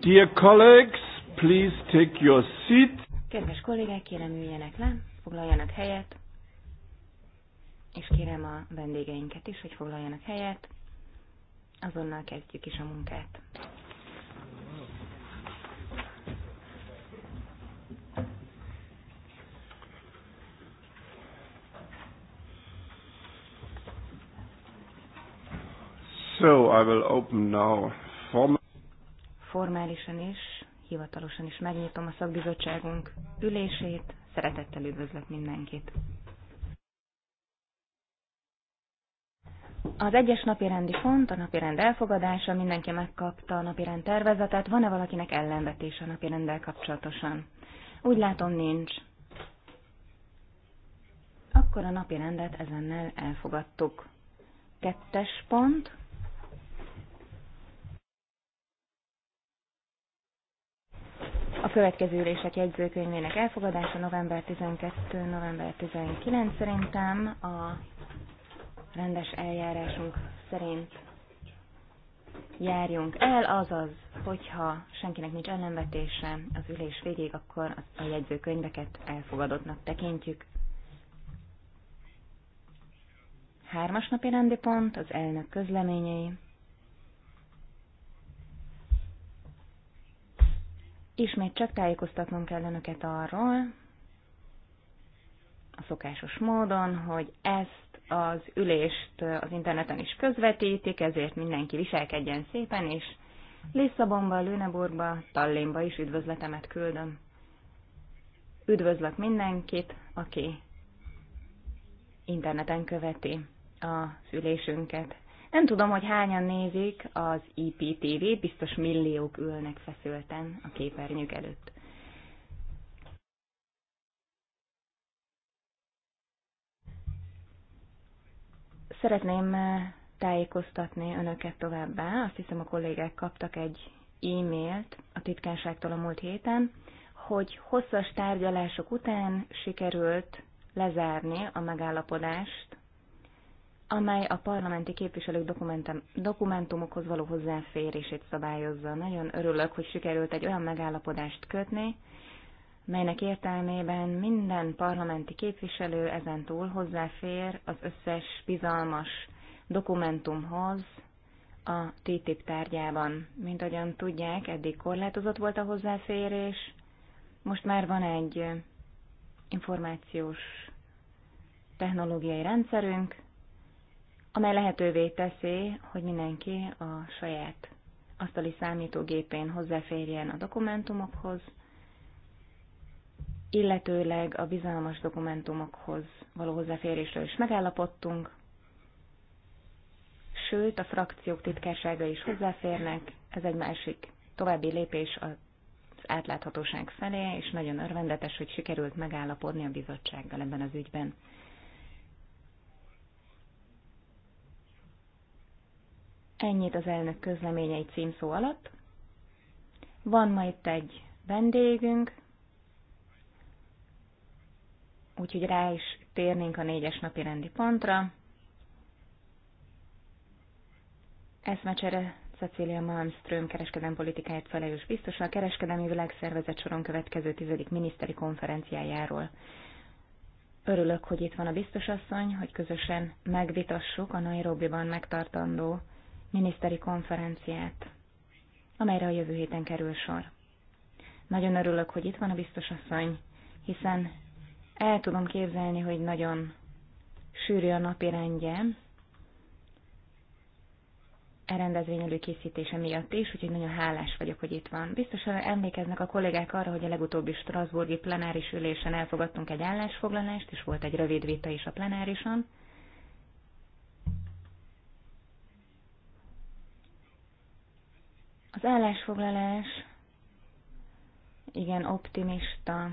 Dear colleagues, please take your seat. Kedves kollégák, kérem üljenek le, foglaljanak helyet, és kérem a vendégeinket is, hogy foglaljanak helyet. Azonnal kezdjük is a munkát. So I will open now formálisan is, hivatalosan is megnyitom a szakbizottságunk ülését. Szeretettel üdvözlök mindenkit! Az egyes napirendi pont, a napirend elfogadása, mindenki megkapta a napirend tervezetet. Van-e valakinek ellenvetés a napirenddel kapcsolatosan? Úgy látom, nincs. Akkor a napirendet ezennel elfogadtuk. Kettes pont, A következő ülések jegyzőkönyvének elfogadása november 12, november 19 szerintem a rendes eljárásunk szerint járjunk el, azaz, hogyha senkinek nincs ellenvetése az ülés végéig, akkor a jegyzőkönyveket elfogadottnak tekintjük. Hármas napi rendi pont, az elnök közleményei. Ismét csak tájékoztatnom kell önöket arról, a szokásos módon, hogy ezt az ülést az interneten is közvetítik, ezért mindenki viselkedjen szépen, és Lisszabonba, Lüneburgba, Tallinnba is üdvözletemet küldöm. Üdvözlök mindenkit, aki interneten követi az ülésünket. Nem tudom, hogy hányan nézik az IPTV, e biztos milliók ülnek feszülten a képernyők előtt. Szeretném eh, tájékoztatni önöket továbbá. Azt hiszem a kollégák kaptak egy e-mailt a titkárságtól a múlt héten, hogy hosszas tárgyalások után sikerült lezárni a megállapodást amely a parlamenti képviselők dokumentumokhoz való hozzáférését szabályozza. Nagyon örülök, hogy sikerült egy olyan megállapodást kötni, melynek értelmében minden parlamenti képviselő ezentúl hozzáfér az összes bizalmas dokumentumhoz a TTIP tárgyában. Mint ahogyan tudják, eddig korlátozott volt a hozzáférés, most már van egy információs technológiai rendszerünk, amely lehetővé teszi, hogy mindenki a saját asztali számítógépén hozzáférjen a dokumentumokhoz, illetőleg a bizalmas dokumentumokhoz való hozzáférésről is megállapodtunk, sőt a frakciók titkársága is hozzáférnek, ez egy másik további lépés az átláthatóság felé, és nagyon örvendetes, hogy sikerült megállapodni a bizottsággal ebben az ügyben. Ennyit az elnök közleményei címszó alatt. Van ma itt egy vendégünk, úgyhogy rá is térnénk a négyes napi rendi pontra. Eszmecsere Cecilia Malmström kereskedelmi politikáért felelős biztosan a kereskedelmi világszervezet soron következő tizedik miniszteri konferenciájáról. Örülök, hogy itt van a biztosasszony, hogy közösen megvitassuk a Nairobi-ban megtartandó miniszteri konferenciát, amelyre a jövő héten kerül sor. Nagyon örülök, hogy itt van a biztos asszony, hiszen el tudom képzelni, hogy nagyon sűrű a napi rendje, e rendezvény előkészítése miatt is, úgyhogy nagyon hálás vagyok, hogy itt van. Biztosan emlékeznek a kollégák arra, hogy a legutóbbi Strasburgi plenáris ülésen elfogadtunk egy állásfoglalást, és volt egy rövid vita is a plenárison. Az állásfoglalás igen optimista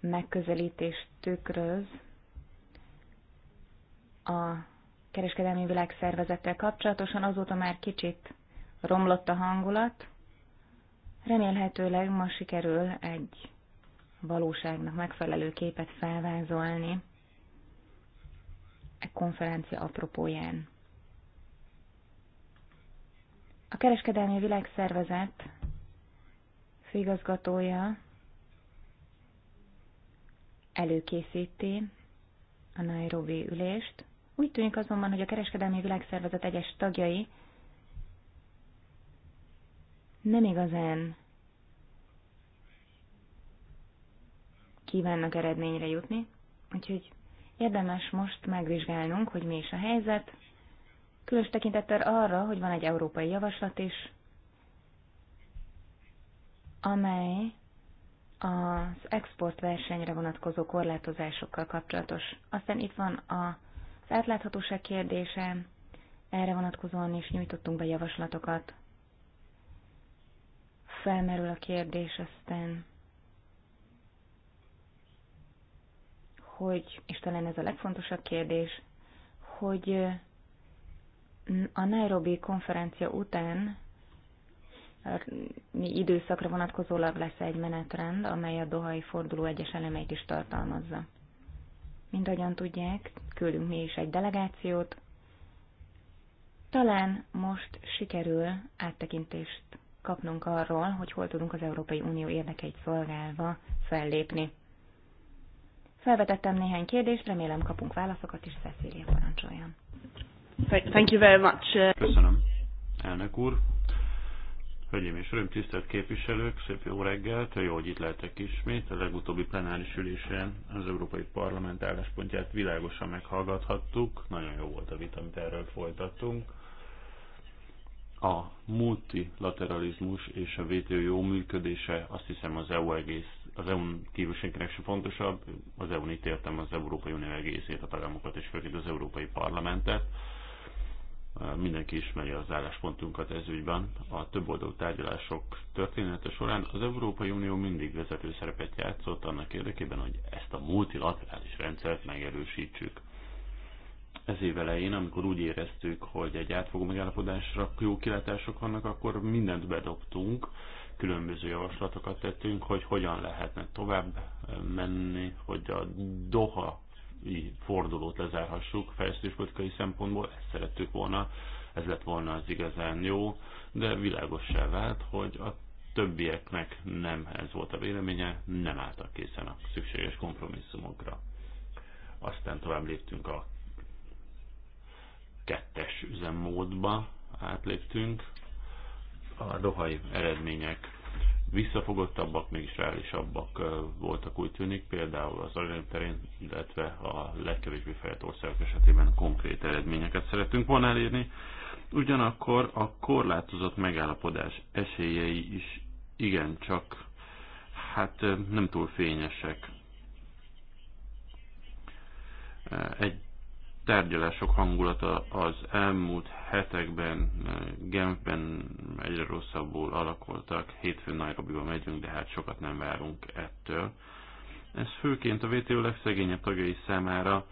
megközelítést tükröz a kereskedelmi világszervezettel kapcsolatosan, azóta már kicsit romlott a hangulat. Remélhetőleg ma sikerül egy valóságnak megfelelő képet felvázolni egy konferencia apropóján. A Kereskedelmi Világszervezet főigazgatója előkészíti a Nairobi ülést. Úgy tűnik azonban, hogy a Kereskedelmi Világszervezet egyes tagjai nem igazán kívánnak eredményre jutni, úgyhogy érdemes most megvizsgálnunk, hogy mi is a helyzet, Különös tekintettel arra, hogy van egy európai javaslat is, amely az exportversenyre vonatkozó korlátozásokkal kapcsolatos. Aztán itt van az átláthatóság kérdése, erre vonatkozóan is nyújtottunk be javaslatokat. Felmerül a kérdés aztán, hogy, és talán ez a legfontosabb kérdés, hogy a Nairobi konferencia után mi időszakra vonatkozólag lesz egy menetrend, amely a dohai forduló egyes elemeit is tartalmazza. Mint ahogyan tudják, küldünk mi is egy delegációt. Talán most sikerül áttekintést kapnunk arról, hogy hol tudunk az Európai Unió érdekeit szolgálva fellépni. Felvetettem néhány kérdést, remélem kapunk válaszokat, is Cecília parancsoljon. Thank you very much. Uh, Köszönöm, elnök úr. Hölgyeim és Uraim, tisztelt képviselők, szép jó reggelt, jó, hogy itt lehetek ismét. A legutóbbi plenáris ülésen az Európai Parlament álláspontját világosan meghallgathattuk. Nagyon jó volt a vita, amit erről folytattunk. A multilateralizmus és a WTO jó működése azt hiszem az EU egész, az EU-n kívül senkinek sem fontosabb. Az EU-n értem az Európai Unió egészét, a tagállamokat és főként az Európai Parlamentet mindenki ismeri az álláspontunkat ez ügyben. A többoldalú tárgyalások története során az Európai Unió mindig vezető szerepet játszott annak érdekében, hogy ezt a multilaterális rendszert megerősítsük. Ez év elején, amikor úgy éreztük, hogy egy átfogó megállapodásra jó kilátások vannak, akkor mindent bedobtunk, különböző javaslatokat tettünk, hogy hogyan lehetne tovább menni, hogy a Doha fordulót lezárhassuk fejlesztéspolitikai szempontból, ezt szerettük volna, ez lett volna az igazán jó, de világossá vált, hogy a többieknek nem ez volt a véleménye, nem álltak készen a szükséges kompromisszumokra. Aztán tovább léptünk a kettes üzemmódba, átléptünk. A dohai eredmények visszafogottabbak, mégis reálisabbak voltak úgy tűnik, például az aranyag terén, illetve a legkevésbé fejlett országok esetében konkrét eredményeket szeretünk volna elérni. Ugyanakkor a korlátozott megállapodás esélyei is igencsak hát nem túl fényesek. Egy tárgyalások hangulata az elmúlt hetekben eh, Genfben egyre rosszabbul alakultak. Hétfőn Nairobiba megyünk, de hát sokat nem várunk ettől. Ez főként a WTO legszegényebb tagjai számára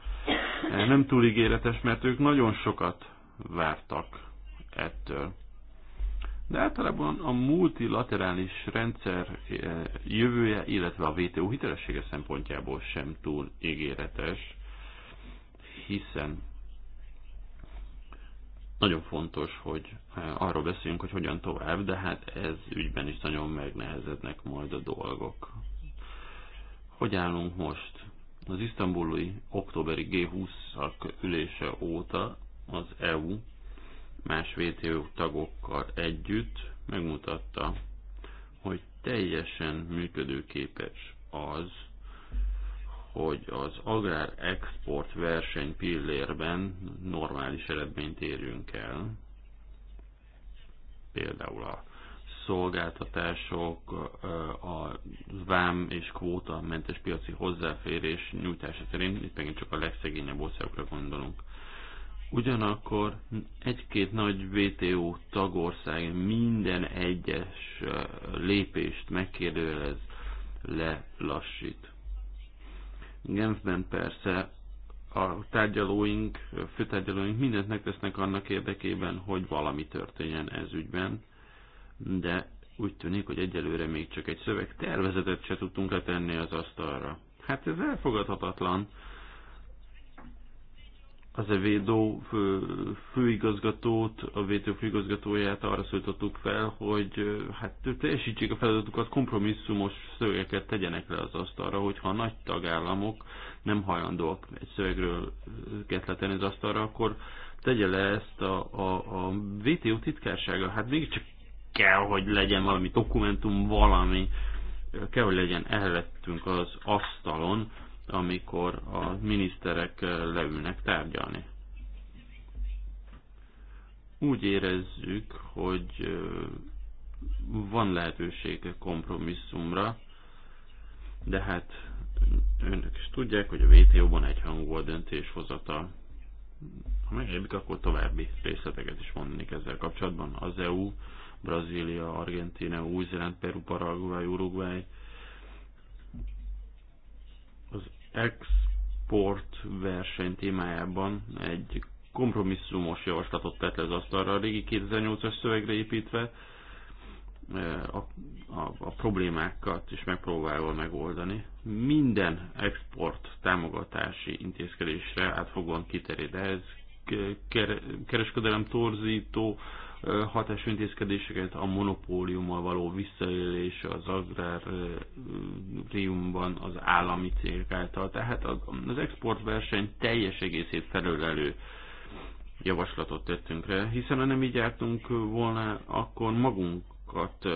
eh, nem túl ígéretes, mert ők nagyon sokat vártak ettől. De általában a multilaterális rendszer eh, jövője, illetve a WTO hitelessége szempontjából sem túl ígéretes hiszen nagyon fontos, hogy eh, arról beszéljünk, hogy hogyan tovább, de hát ez ügyben is nagyon megnehezednek majd a dolgok. Hogy állunk most? Az isztambuli októberi G20-ak ülése óta az EU más WTO tagokkal együtt megmutatta, hogy teljesen működőképes az, hogy az agrár export verseny pillérben normális eredményt érjünk el. Például a szolgáltatások, a vám és kvóta mentes piaci hozzáférés nyújtása terén, itt megint csak a legszegényebb országokra gondolunk. Ugyanakkor egy-két nagy WTO tagország minden egyes lépést megkérdőjelez, lelassít. Genfben persze a tárgyalóink, főtárgyalóink mindent megtesznek annak érdekében, hogy valami történjen ez ügyben, de úgy tűnik, hogy egyelőre még csak egy szöveg tervezetet se tudtunk letenni az asztalra. Hát ez elfogadhatatlan, az a védó fő, főigazgatót, a védő főigazgatóját arra szólítottuk fel, hogy hát teljesítsék a feladatukat, kompromisszumos szövegeket tegyenek le az asztalra, hogyha a nagy tagállamok nem hajlandóak egy szövegről ketletenni az asztalra, akkor tegye le ezt a, a, a VTO titkársága. Hát mégiscsak kell, hogy legyen valami dokumentum, valami, kell, hogy legyen elvettünk az asztalon, amikor a miniszterek eh, leülnek tárgyalni. Úgy érezzük, hogy eh, van lehetőség kompromisszumra, de hát önök is tudják, hogy a WTO-ban egy hangú döntéshozata. Ha megjelenik, akkor további részleteket is mondanék ezzel kapcsolatban. Az EU, Brazília, Argentina, Új-Zéland, Peru, Paraguay, Uruguay, export verseny témájában egy kompromisszumos javaslatot tett le az asztalra a régi 2008-as szövegre építve, e, a, a, a problémákat is megpróbálva megoldani. Minden export támogatási intézkedésre átfogóan kiterjed. Ez kereskedelem torzító, hatású intézkedéseket, a monopóliummal való visszaélés az agráriumban az állami cégek által. Tehát az exportverseny teljes egészét felölelő javaslatot tettünk rá, hiszen ha nem így jártunk volna, akkor magunkat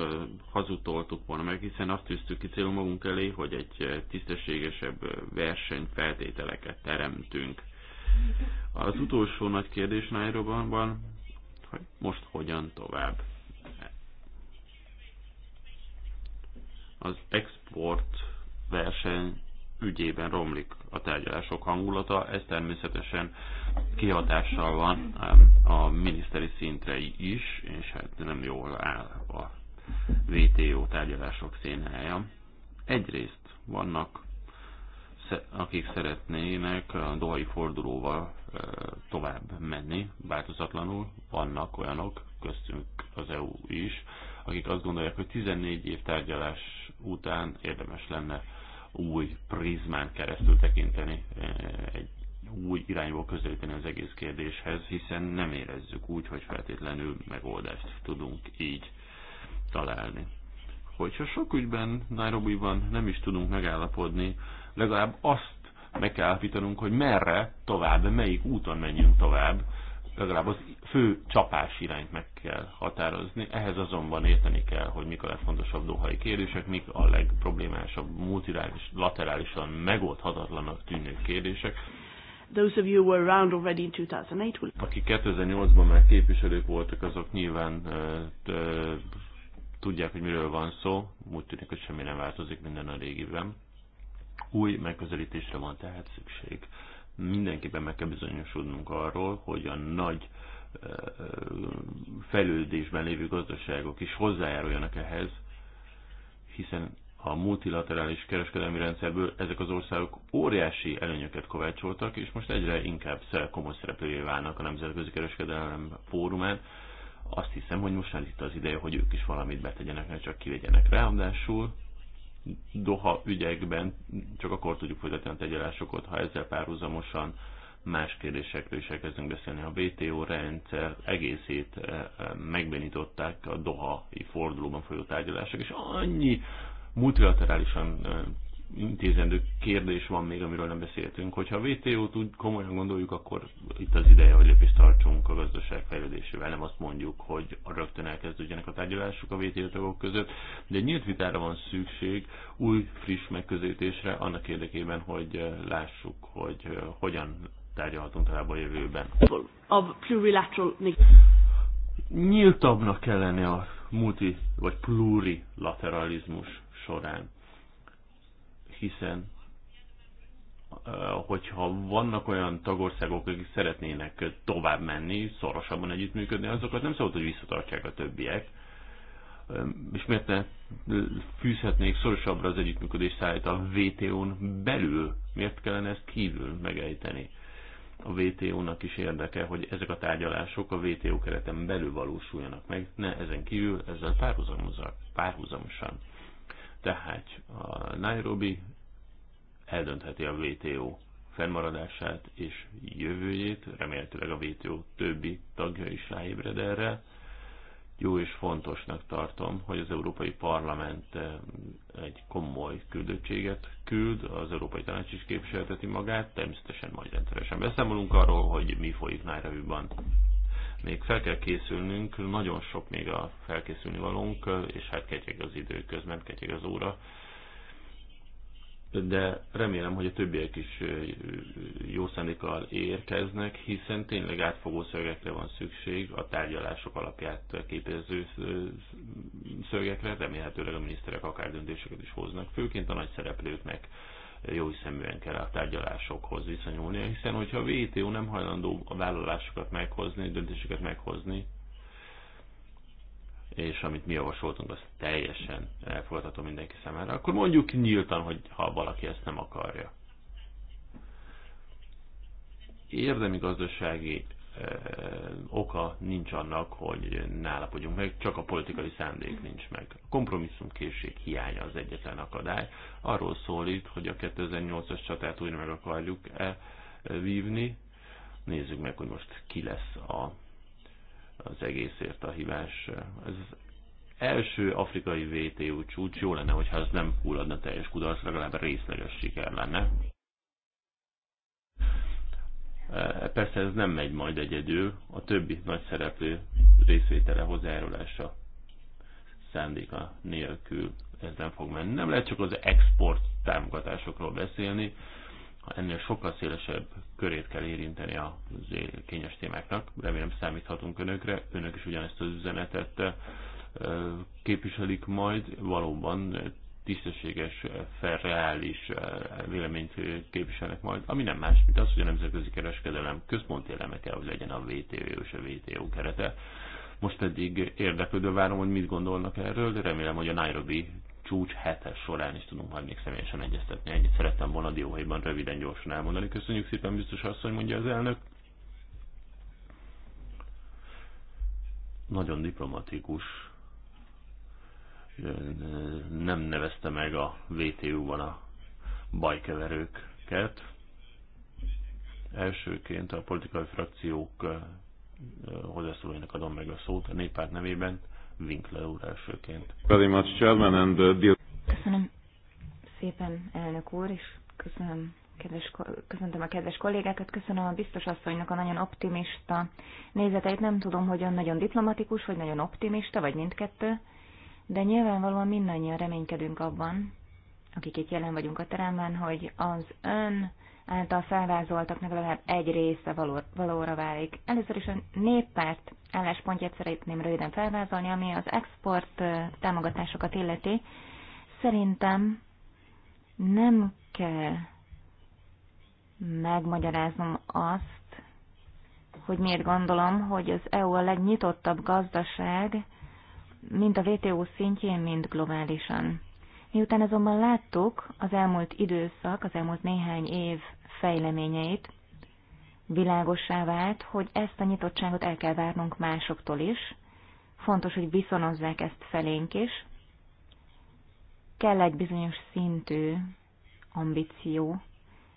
hazutoltuk volna meg, hiszen azt tűztük ki célul magunk elé, hogy egy tisztességesebb versenyfeltételeket teremtünk. Az utolsó nagy kérdés Nairobanban hogy most hogyan tovább. Az export verseny ügyében romlik a tárgyalások hangulata, ez természetesen kihatással van a miniszteri szintre is, és hát nem jól áll a VTO tárgyalások színhelye. Egyrészt vannak akik szeretnének a dohai fordulóval tovább menni, változatlanul vannak olyanok, köztünk az EU is, akik azt gondolják, hogy 14 év tárgyalás után érdemes lenne új prizmán keresztül tekinteni, egy új irányból közelíteni az egész kérdéshez, hiszen nem érezzük úgy, hogy feltétlenül megoldást tudunk így találni. Hogyha sok ügyben Nairobi-ban nem is tudunk megállapodni, legalább azt meg kell állapítanunk, hogy merre tovább, melyik úton menjünk tovább, legalább az fő csapás irányt meg kell határozni. Ehhez azonban érteni kell, hogy mik a legfontosabb dohai kérdések, mik a legproblémásabb, laterálisan megoldhatatlanak tűnő kérdések. Those of you who were around already in 2008 will... Aki 2008-ban már képviselők voltak, azok nyilván tudják, hogy miről van szó. Úgy tűnik, hogy semmi nem változik minden a régiben. Új megközelítésre van tehát szükség. Mindenképpen meg kell bizonyosodnunk arról, hogy a nagy fejlődésben lévő gazdaságok is hozzájáruljanak ehhez, hiszen a multilaterális kereskedelmi rendszerből ezek az országok óriási előnyöket kovácsoltak, és most egyre inkább komoly szereplővé válnak a Nemzetközi Kereskedelem Fórumán. Azt hiszem, hogy most már itt az ideje, hogy ők is valamit betegyenek, ne csak kivegyenek. Ráadásul Doha ügyekben csak akkor tudjuk folytatni a tegyelásokat, ha ezzel párhuzamosan más kérdésekről is elkezdünk beszélni. A WTO rendszer egészét eh, eh, megbenították a Doha-i fordulóban folyó tárgyalások, és annyi multilaterálisan eh, intézendő kérdés van még, amiről nem beszéltünk. Hogyha a WTO-t úgy komolyan gondoljuk, akkor itt az ideje, hogy lépést tartsunk a gazdaság fejlődésével. Nem azt mondjuk, hogy rögtön elkezdődjenek a tárgyalások a WTO tagok között, de egy nyílt vitára van szükség, új, friss megközelítésre, annak érdekében, hogy lássuk, hogy eh, hogyan tárgyalhatunk talán a jövőben. A plurilateral... Nyíltabbnak kell lenni a multi vagy plurilateralizmus során hiszen eh, hogyha vannak olyan tagországok, akik szeretnének tovább menni, szorosabban együttműködni, azokat nem szabad, hogy visszatartsák a többiek. Eh, és miért ne fűzhetnék szorosabbra az együttműködés száját a WTO-n belül? Miért kellene ezt kívül megejteni? A WTO-nak is érdeke, hogy ezek a tárgyalások a WTO kereten belül valósuljanak meg, ne ezen kívül, ezzel párhuzamosan. Tehát a Nairobi eldöntheti a WTO fennmaradását és jövőjét, remélhetőleg a WTO többi tagja is ráébred erre. Jó és fontosnak tartom, hogy az Európai Parlament eh, egy komoly küldöttséget küld, az Európai Tanács is képviselteti magát, természetesen majd rendszeresen beszámolunk arról, hogy mi folyik Nairobiban. Még fel kell készülnünk, nagyon sok még a felkészülni valónk, eh, és hát ketyeg az idő közben, ketyeg az óra de remélem, hogy a többiek is jó szándékkal érkeznek, hiszen tényleg átfogó szövegekre van szükség, a tárgyalások alapját képező szövegekre, remélhetőleg a miniszterek akár döntéseket is hoznak, főként a nagy szereplőknek jó szeműen kell a tárgyalásokhoz viszonyulni, hiszen hogyha a VTO nem hajlandó a vállalásokat meghozni, döntéseket meghozni, és amit mi javasoltunk, az teljesen elfogadható mindenki számára, akkor mondjuk nyíltan, hogy ha valaki ezt nem akarja. Érdemi gazdasági ö, eh, oka nincs annak, hogy ne állapodjunk meg, csak a politikai szándék nincs meg. A készség hiánya az egyetlen akadály. Arról szólít, hogy a 2008-as csatát újra meg akarjuk-e eh, vívni. Nézzük meg, hogy most ki lesz a az egészért a hibás. Ez az első afrikai VTU csúcs, jó lenne, hogyha ez nem hulladna teljes kudarc, legalább részleges siker lenne. E, persze ez nem megy majd egyedül, a többi nagy szereplő részvétele hozzájárulása szándéka nélkül ez nem fog menni. Nem lehet csak az export támogatásokról beszélni, ennél sokkal szélesebb körét kell érinteni a kényes témáknak. Remélem számíthatunk önökre. Önök is ugyanezt az üzenetet képviselik majd. Valóban tisztességes, felreális véleményt képviselnek majd, ami nem más, mint az, hogy a nemzetközi kereskedelem központi eleme kell, hogy legyen a WTO és a WTO kerete. Most pedig érdeklődő várom, hogy mit gondolnak erről, de remélem, hogy a Nairobi csúcs hetes során is tudunk majd még személyesen egyeztetni. Ennyit szerettem volna dióhéjban röviden, gyorsan elmondani. Köszönjük szépen, biztos asszony, mondja az elnök. Nagyon diplomatikus. Nem nevezte meg a vtu ban a bajkeverőket. Elsőként a politikai frakciók hozzászólóinak adom meg a szót a néppárt nevében. Winkler úr elsőként. Uh, köszönöm szépen, elnök úr, és köszönöm kedves, köszöntöm a kedves kollégákat, köszönöm a biztos asszonynak a nagyon optimista nézeteit. Nem tudom, hogy ön nagyon diplomatikus, vagy nagyon optimista, vagy mindkettő, de nyilvánvalóan mindannyian reménykedünk abban, akik itt jelen vagyunk a teremben, hogy az ön által felvázoltaknak legalább egy része való, valóra válik. Először is a néppárt álláspontját szeretném röviden felvázolni, ami az export támogatásokat illeti. Szerintem nem kell megmagyaráznom azt, hogy miért gondolom, hogy az EU a legnyitottabb gazdaság, mint a WTO szintjén, mint globálisan. Miután azonban láttuk az elmúlt időszak, az elmúlt néhány év fejleményeit, világosá vált, hogy ezt a nyitottságot el kell várnunk másoktól is. Fontos, hogy viszonozzák ezt felénk is. Kell egy bizonyos szintű ambíció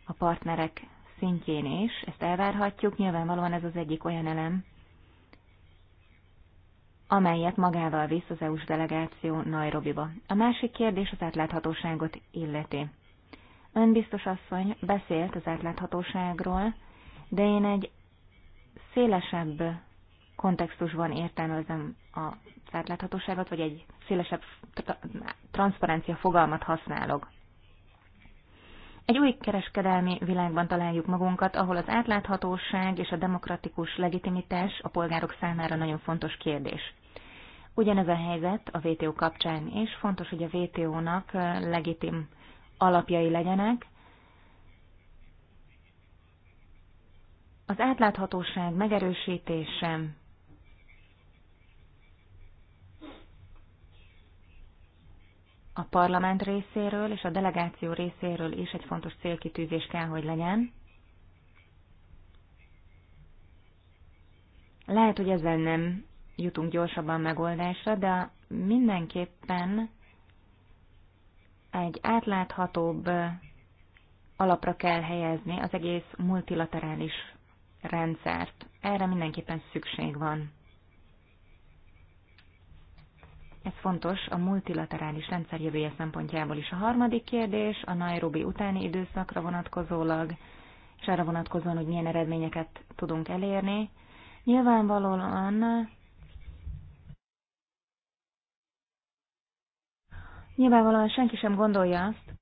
a partnerek szintjén is, ezt elvárhatjuk, nyilvánvalóan ez az egyik olyan elem, amelyet magával visz az EU-s delegáció Nairobiba. A másik kérdés az átláthatóságot illeti. Ön biztos asszony beszélt az átláthatóságról, de én egy szélesebb kontextusban értelmezem az átláthatóságot, vagy egy szélesebb transzparencia fogalmat használok. Egy új kereskedelmi világban találjuk magunkat, ahol az átláthatóság és a demokratikus legitimitás a polgárok számára nagyon fontos kérdés. Ugyanez a helyzet a VTO kapcsán is. Fontos, hogy a VTO-nak eh, legitim alapjai legyenek. Az átláthatóság megerősítése a parlament részéről és a delegáció részéről is egy fontos célkitűzés kell, hogy legyen. Lehet, hogy ezzel nem jutunk gyorsabban megoldásra, de mindenképpen egy átláthatóbb alapra kell helyezni az egész multilaterális rendszert. Erre mindenképpen szükség van. Ez fontos a multilaterális rendszer jövője szempontjából is. A harmadik kérdés a Nairobi utáni időszakra vonatkozólag, és arra vonatkozóan, hogy milyen eredményeket tudunk elérni. Nyilvánvalóan Nyilvánvalóan senki sem gondolja azt,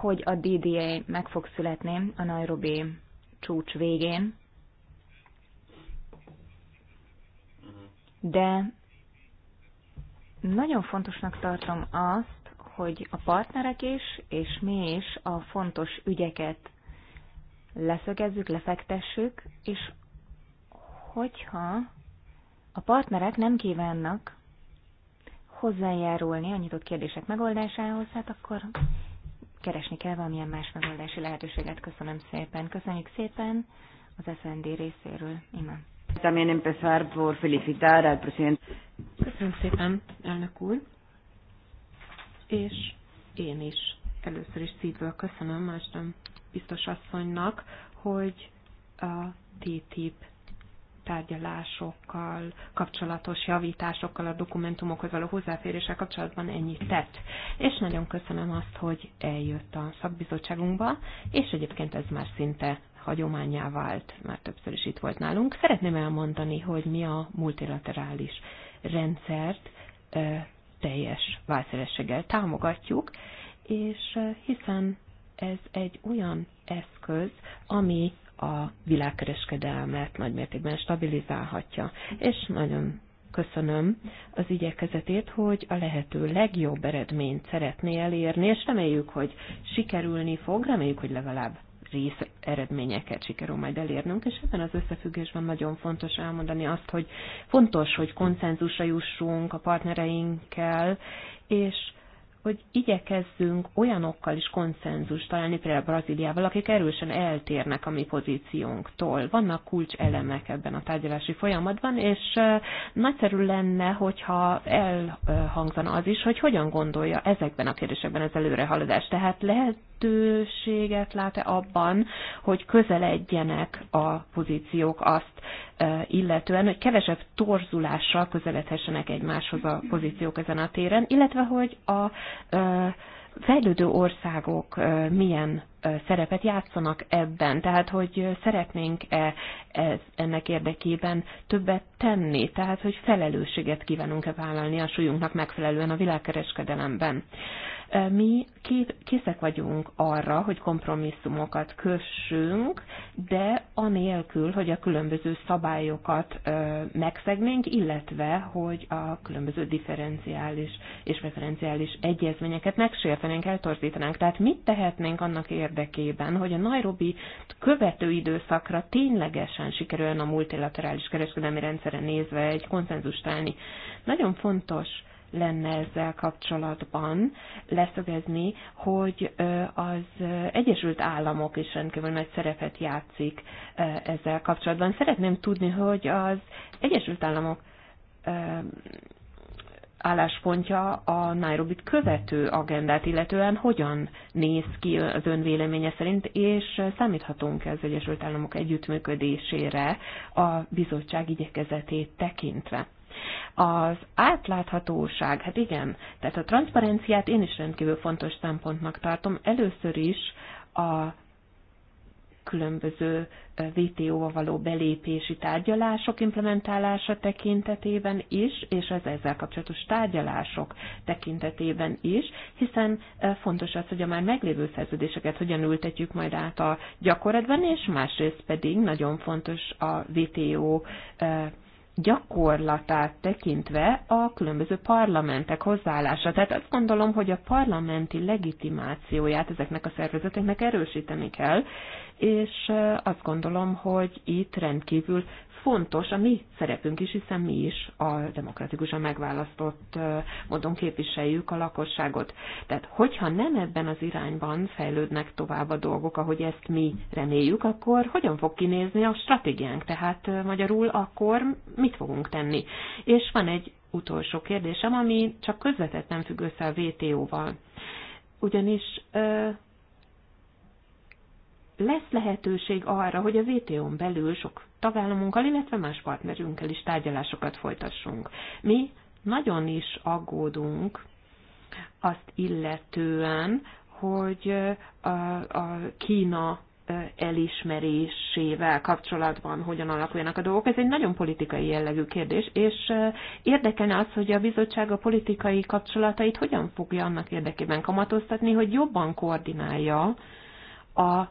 hogy a DDA meg fog születni a Nairobi csúcs végén. de nagyon fontosnak tartom azt, hogy a partnerek is, és mi is a fontos ügyeket leszögezzük, lefektessük, és hogyha a partnerek nem kívánnak hozzájárulni a nyitott kérdések megoldásához, hát akkor keresni kell valamilyen más megoldási lehetőséget. Köszönöm szépen. Köszönjük szépen az SND részéről. Iman. También empezar por felicitar al presidente. Köszönöm szépen, elnök úr. És én is először is szívből köszönöm Máston biztos asszonynak, hogy a TTIP tárgyalásokkal kapcsolatos javításokkal, a dokumentumokhoz való hozzáféréssel kapcsolatban ennyit tett. És nagyon köszönöm azt, hogy eljött a szakbizottságunkba, és egyébként ez már szinte hagyományá vált, már többször is itt volt nálunk. Szeretném elmondani, hogy mi a multilaterális rendszert teljes válszerességgel támogatjuk, és hiszen ez egy olyan eszköz, ami a világkereskedelmet nagymértékben stabilizálhatja, és nagyon köszönöm az igyekezetét, hogy a lehető legjobb eredményt szeretné elérni, és reméljük, hogy sikerülni fog, reméljük, hogy legalább rész eredményeket sikerül majd elérnünk, és ebben az összefüggésben nagyon fontos elmondani azt, hogy fontos, hogy konszenzusra jussunk a partnereinkkel, és hogy igyekezzünk olyanokkal is konszenzus találni, például Brazíliával, akik erősen eltérnek a mi pozíciónktól. Vannak kulcselemek ebben a tárgyalási folyamatban, és nagyszerű lenne, hogyha elhangzana az is, hogy hogyan gondolja ezekben a kérdésekben az előrehaladás. Tehát lehet lehetőséget lát-e abban, hogy közeledjenek a pozíciók azt e, illetően, hogy kevesebb torzulással közeledhessenek egymáshoz a pozíciók ezen a téren, illetve hogy a e, fejlődő országok e, milyen szerepet játszanak ebben, tehát hogy szeretnénk-e ez, ennek érdekében többet tenni, tehát hogy felelősséget kívánunk-e vállalni a súlyunknak megfelelően a világkereskedelemben. Mi készek vagyunk arra, hogy kompromisszumokat kössünk, de anélkül, hogy a különböző szabályokat megszegnénk, illetve, hogy a különböző differenciális és referenciális egyezményeket megsértenénk, eltorzítanánk. Tehát mit tehetnénk annak érdekében, hogy a Nairobi követő időszakra ténylegesen sikerüljön a multilaterális kereskedelmi rendszere nézve egy konszenzust állni? Nagyon fontos, lenne ezzel kapcsolatban leszögezni, hogy az Egyesült Államok is rendkívül nagy szerepet játszik ezzel kapcsolatban. Szeretném tudni, hogy az Egyesült Államok álláspontja a nairobi követő agendát, illetően hogyan néz ki az ön véleménye szerint, és számíthatunk -e az Egyesült Államok együttműködésére a bizottság igyekezetét tekintve. Az átláthatóság, hát igen, tehát a transzparenciát én is rendkívül fontos szempontnak tartom. Először is a különböző VTO-val való belépési tárgyalások implementálása tekintetében is, és az ezzel kapcsolatos tárgyalások tekintetében is, hiszen fontos az, hogy a már meglévő szerződéseket hogyan ültetjük majd át a gyakorlatban, és másrészt pedig nagyon fontos a VTO gyakorlatát tekintve a különböző parlamentek hozzáállása. Tehát azt gondolom, hogy a parlamenti legitimációját ezeknek a szervezeteknek erősíteni kell, és azt gondolom, hogy itt rendkívül fontos a mi szerepünk is, hiszen mi is a demokratikusan megválasztott módon képviseljük a lakosságot. Tehát, hogyha nem ebben az irányban fejlődnek tovább a dolgok, ahogy ezt mi reméljük, akkor hogyan fog kinézni a stratégiánk? Tehát magyarul akkor mit fogunk tenni? És van egy utolsó kérdésem, ami csak közvetetten függ össze a VTO-val. Ugyanis lesz lehetőség arra, hogy a VTO-n belül sok tagállamunkkal, illetve más partnerünkkel is tárgyalásokat folytassunk. Mi nagyon is aggódunk azt illetően, hogy a, a Kína elismerésével kapcsolatban hogyan alakuljanak a dolgok. Ez egy nagyon politikai jellegű kérdés, és érdekelne az, hogy a bizottság a politikai kapcsolatait hogyan fogja annak érdekében kamatoztatni, hogy jobban koordinálja a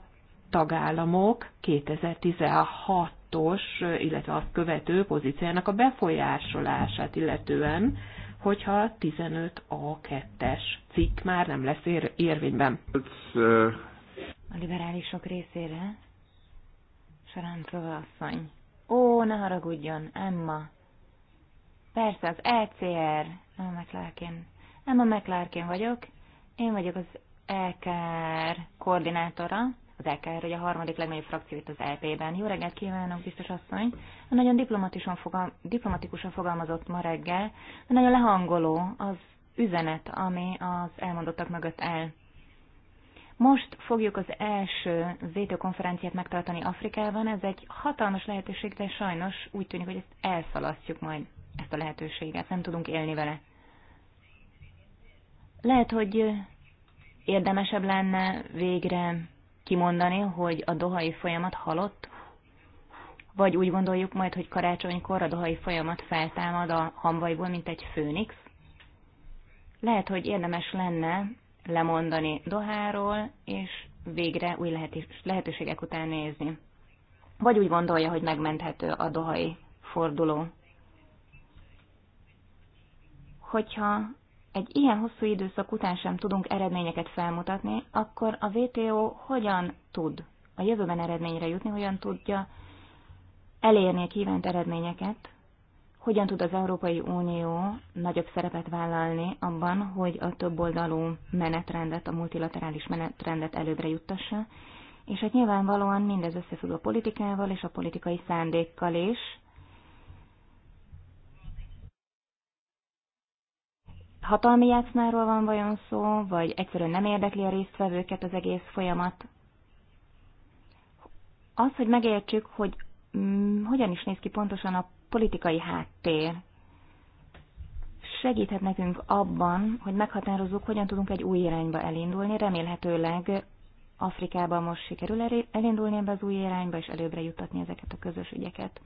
tagállamok 2016 tos, illetve azt követő pozíciának a befolyásolását illetően, hogyha 15A2-es cikk már nem lesz ér- érvényben. A liberálisok részére Saráncova asszony. Ó, ne haragudjon, Emma. Persze, az ECR. Emma McLarkin. Emma McLarkin vagyok. Én vagyok az EKR koordinátora az EKR, hogy a harmadik legnagyobb frakció itt az LP-ben. E Jó reggelt kívánok, biztos asszony! Nagyon diplomatikusan, fogal, diplomatikusan fogalmazott ma reggel, de nagyon lehangoló az üzenet, ami az elmondottak mögött el. Most fogjuk az első VTO konferenciát megtartani Afrikában, ez egy hatalmas lehetőség, de sajnos úgy tűnik, hogy ezt elszalasztjuk majd, ezt a lehetőséget, nem tudunk élni vele. Lehet, hogy érdemesebb lenne végre kimondani, hogy a dohai folyamat halott? Vagy úgy gondoljuk majd, hogy karácsonykor a dohai folyamat feltámad a hamvaiból, mint egy főnix? Lehet, hogy érdemes lenne lemondani doháról, és végre új lehetőségek után nézni. Vagy úgy gondolja, hogy megmenthető a dohai forduló. Hogyha egy ilyen hosszú időszak után sem tudunk eredményeket felmutatni, akkor a WTO hogyan tud a jövőben eredményre jutni, hogyan tudja elérni a kívánt eredményeket, hogyan tud az Európai Unió nagyobb szerepet vállalni abban, hogy a többoldalú menetrendet, a multilaterális menetrendet előbbre juttassa, és hát nyilvánvalóan mindez összefügg a politikával és a politikai szándékkal is, hatalmi játszmáról van vajon szó, vagy egyszerűen nem érdekli a résztvevőket az egész folyamat. Az, hogy megértsük, hogy hm, hogyan is néz ki pontosan a politikai háttér, segíthet nekünk abban, hogy meghatározzuk, hogyan tudunk egy új irányba elindulni. Remélhetőleg Afrikában most sikerül elindulni ebbe az új irányba, és előbbre juttatni ezeket a közös ügyeket.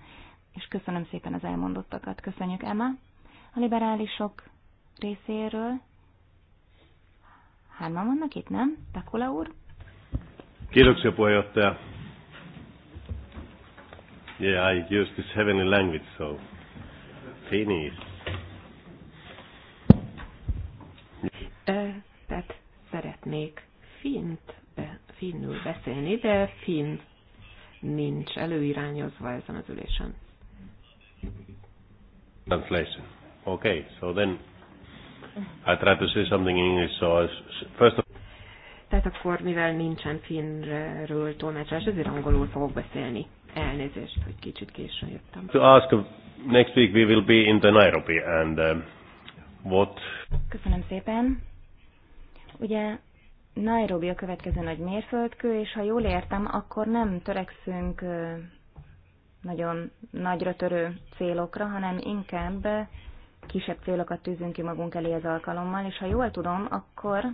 És köszönöm szépen az elmondottakat. Köszönjük, Emma. A liberálisok részéről. Hárman vannak itt, nem? Takula úr? Kiitoksia te. Yeah, I use this heavenly language, so Finnish. Tehát szeretnék fint, finnul beszélni, de finn nincs előirányozva ezen az ülésen. Translation. Okay, so then I try to say something in English, so first of tehát akkor, mivel nincsen finnről tolmácsás, ezért angolul fogok beszélni. Elnézést, hogy kicsit későn jöttem. To ask, uh, next week we will be in the Nairobi, and uh, what... Köszönöm szépen. Ugye Nairobi a következő nagy mérföldkő, és ha jól értem, akkor nem törekszünk nagyon nagyra törő célokra, hanem inkább kisebb célokat tűzünk ki magunk elé az alkalommal, és ha jól tudom, akkor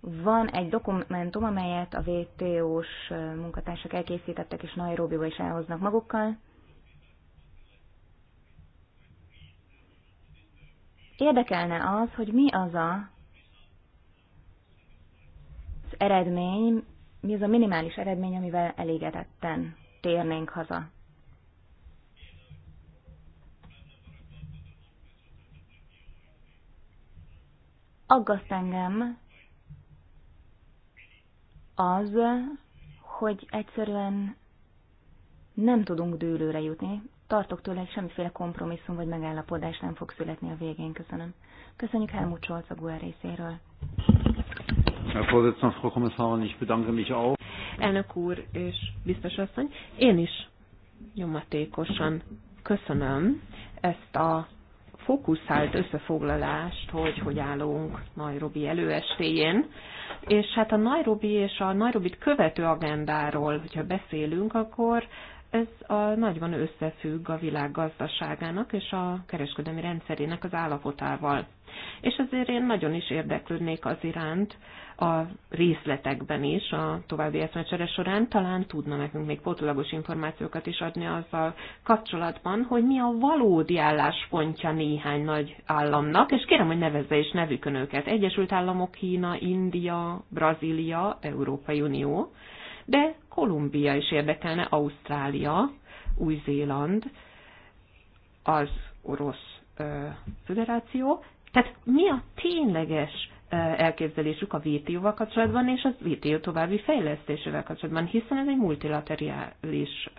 van egy dokumentum, amelyet a vto s munkatársak elkészítettek, és Nairobiba is elhoznak magukkal. Érdekelne az, hogy mi az a, az eredmény, mi az a minimális eredmény, amivel elégedetten térnénk haza. aggaszt engem az, hogy egyszerűen nem tudunk dőlőre jutni. Tartok tőle, hogy semmiféle kompromisszum vagy megállapodás nem fog születni a végén. Köszönöm. Köszönjük Helmut Scholz a GUE részéről. Elnök úr és biztos asszony, én is nyomatékosan köszönöm ezt a fókuszált összefoglalást, hogy hogy állunk Nairobi előestéjén. És hát a Nairobi és a Nairobit követő agendáról, hogyha beszélünk, akkor ez a, nagyban összefügg a világ gazdaságának és a kereskedelmi rendszerének az állapotával. És ezért én nagyon is érdeklődnék az iránt a részletekben is a további eszmecsere során. Talán tudna nekünk még pótolagos információkat is adni azzal kapcsolatban, hogy mi a valódi álláspontja néhány nagy államnak, és kérem, hogy nevezze is nevükön őket. Egyesült Államok, Kína, India, Brazília, Európai Unió de Kolumbia is érdekelne, Ausztrália, Új-Zéland, az Orosz Föderáció. Tehát mi a tényleges elképzelésük a VTO-val kapcsolatban és a VTO további fejlesztésével kapcsolatban, hiszen ez egy multilaterális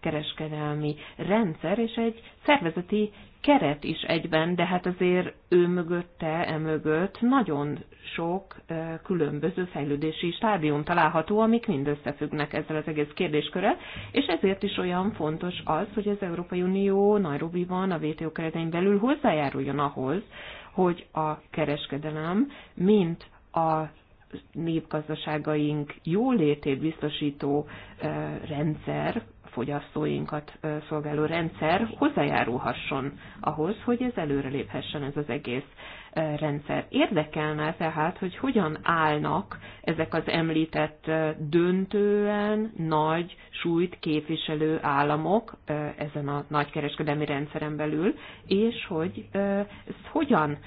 kereskedelmi rendszer és egy szervezeti keret is egyben, de hát azért ő mögötte, emögött nagyon sok különböző fejlődési stádium található, amik mind összefüggnek ezzel az egész kérdéskörrel, és ezért is olyan fontos az, hogy az Európai Unió Nairobiban a WTO keretein belül hozzájáruljon ahhoz, hogy a kereskedelem, mint a népgazdaságaink jólétét biztosító rendszer fogyasztóinkat szolgáló rendszer hozzájárulhasson ahhoz, hogy ez előreléphessen ez az egész rendszer. Érdekelne tehát, hogy hogyan állnak ezek az említett döntően nagy súlyt képviselő államok ezen a nagykereskedelmi rendszeren belül, és hogy ez hogyan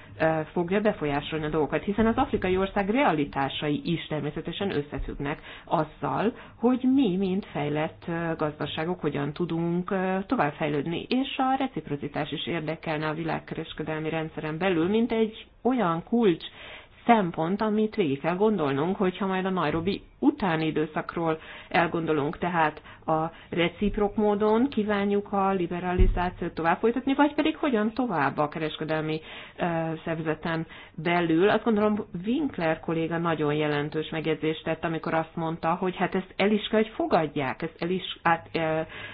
fogja befolyásolni a dolgokat, hiszen az afrikai ország realitásai is természetesen összefüggnek azzal, hogy mi, mint fejlett gazdaságok, hogyan tudunk továbbfejlődni, és a reciprocitás is érdekelne a világkereskedelmi rendszeren belül, mint egy egy olyan kulcs szempont, amit végig kell gondolnunk, hogyha majd a Nairobi utáni időszakról elgondolunk, tehát a reciprok módon kívánjuk a liberalizációt tovább folytatni, vagy pedig hogyan tovább a kereskedelmi szervezeten belül. Azt gondolom Winkler kolléga nagyon jelentős megjegyzést tett, amikor azt mondta, hogy hát ezt el is kell, hogy fogadják, ezt el is, át, uh,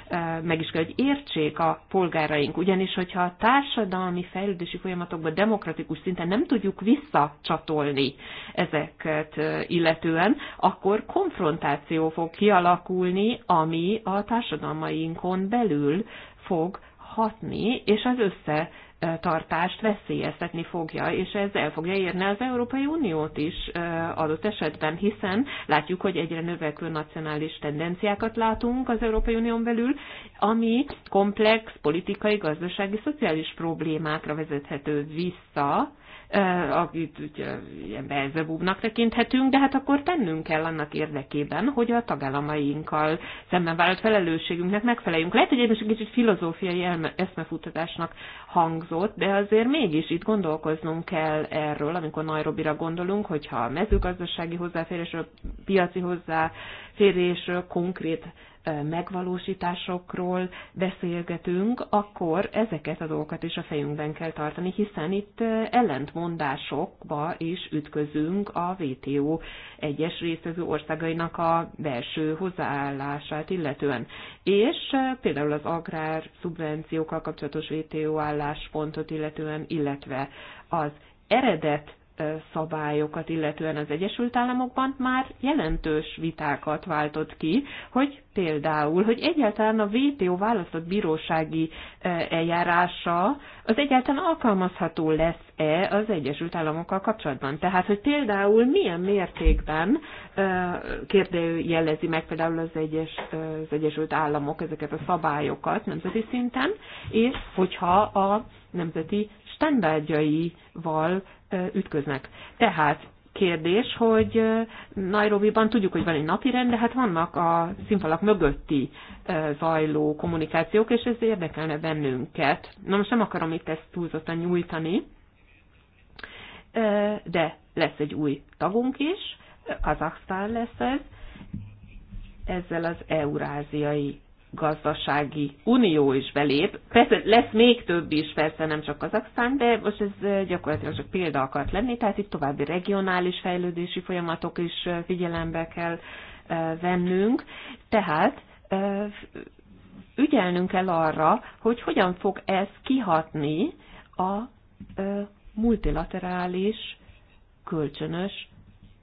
uh, meg is kell, hogy értsék a polgáraink. Ugyanis, hogyha a társadalmi fejlődési folyamatokba demokratikus szinten nem tudjuk visszacsatolni ezeket illetően, akkor akkor konfrontáció fog kialakulni, ami a társadalmainkon belül fog hatni, és az össze tartást veszélyeztetni fogja, és ez el fogja érni az Európai Uniót is adott esetben, hiszen látjuk, hogy egyre növekvő nacionális tendenciákat látunk az Európai Unión belül, ami komplex politikai, gazdasági, szociális problémákra vezethető vissza, akit ugye, ilyen belzebúbnak tekinthetünk, de hát akkor tennünk kell annak érdekében, hogy a tagállamainkkal szemben vállalt felelősségünknek megfeleljünk. Lehet, hogy egy kicsit filozófiai eszmefutatásnak hangzott, szót, de azért mégis itt gondolkoznunk kell erről, amikor Nairobira gondolunk, hogyha a mezőgazdasági hozzáférésről, piaci hozzáférésről, konkrét megvalósításokról beszélgetünk, akkor ezeket a dolgokat is a fejünkben kell tartani, hiszen itt ellentmondásokba is ütközünk a WTO egyes résztvevő országainak a belső hozzáállását illetően. És például az agrár szubvenciókkal kapcsolatos WTO álláspontot illetően, illetve az eredet szabályokat, illetően az Egyesült Államokban már jelentős vitákat váltott ki, hogy például, hogy egyáltalán a WTO választott bírósági eljárása az egyáltalán alkalmazható lesz-e az Egyesült Államokkal kapcsolatban. Tehát, hogy például milyen mértékben kérdőjelezi meg például az, egyes, az Egyesült Államok ezeket a szabályokat nemzeti szinten, és hogyha a nemzeti standardjaival ütköznek. Tehát kérdés, hogy Nairobi-ban tudjuk, hogy van egy napi rend, de hát vannak a színfalak mögötti zajló kommunikációk, és ez érdekelne bennünket. Na most nem akarom itt ezt túlzottan nyújtani, de lesz egy új tagunk is, Kazaksztán lesz ez, ezzel az eurázsiai gazdasági unió is belép. Persze lesz még több is, persze nem csak Kazaksztán, de most ez gyakorlatilag csak példa akart lenni, tehát itt további regionális fejlődési folyamatok is figyelembe kell vennünk. Tehát ügyelnünk kell arra, hogy hogyan fog ez kihatni a multilaterális kölcsönös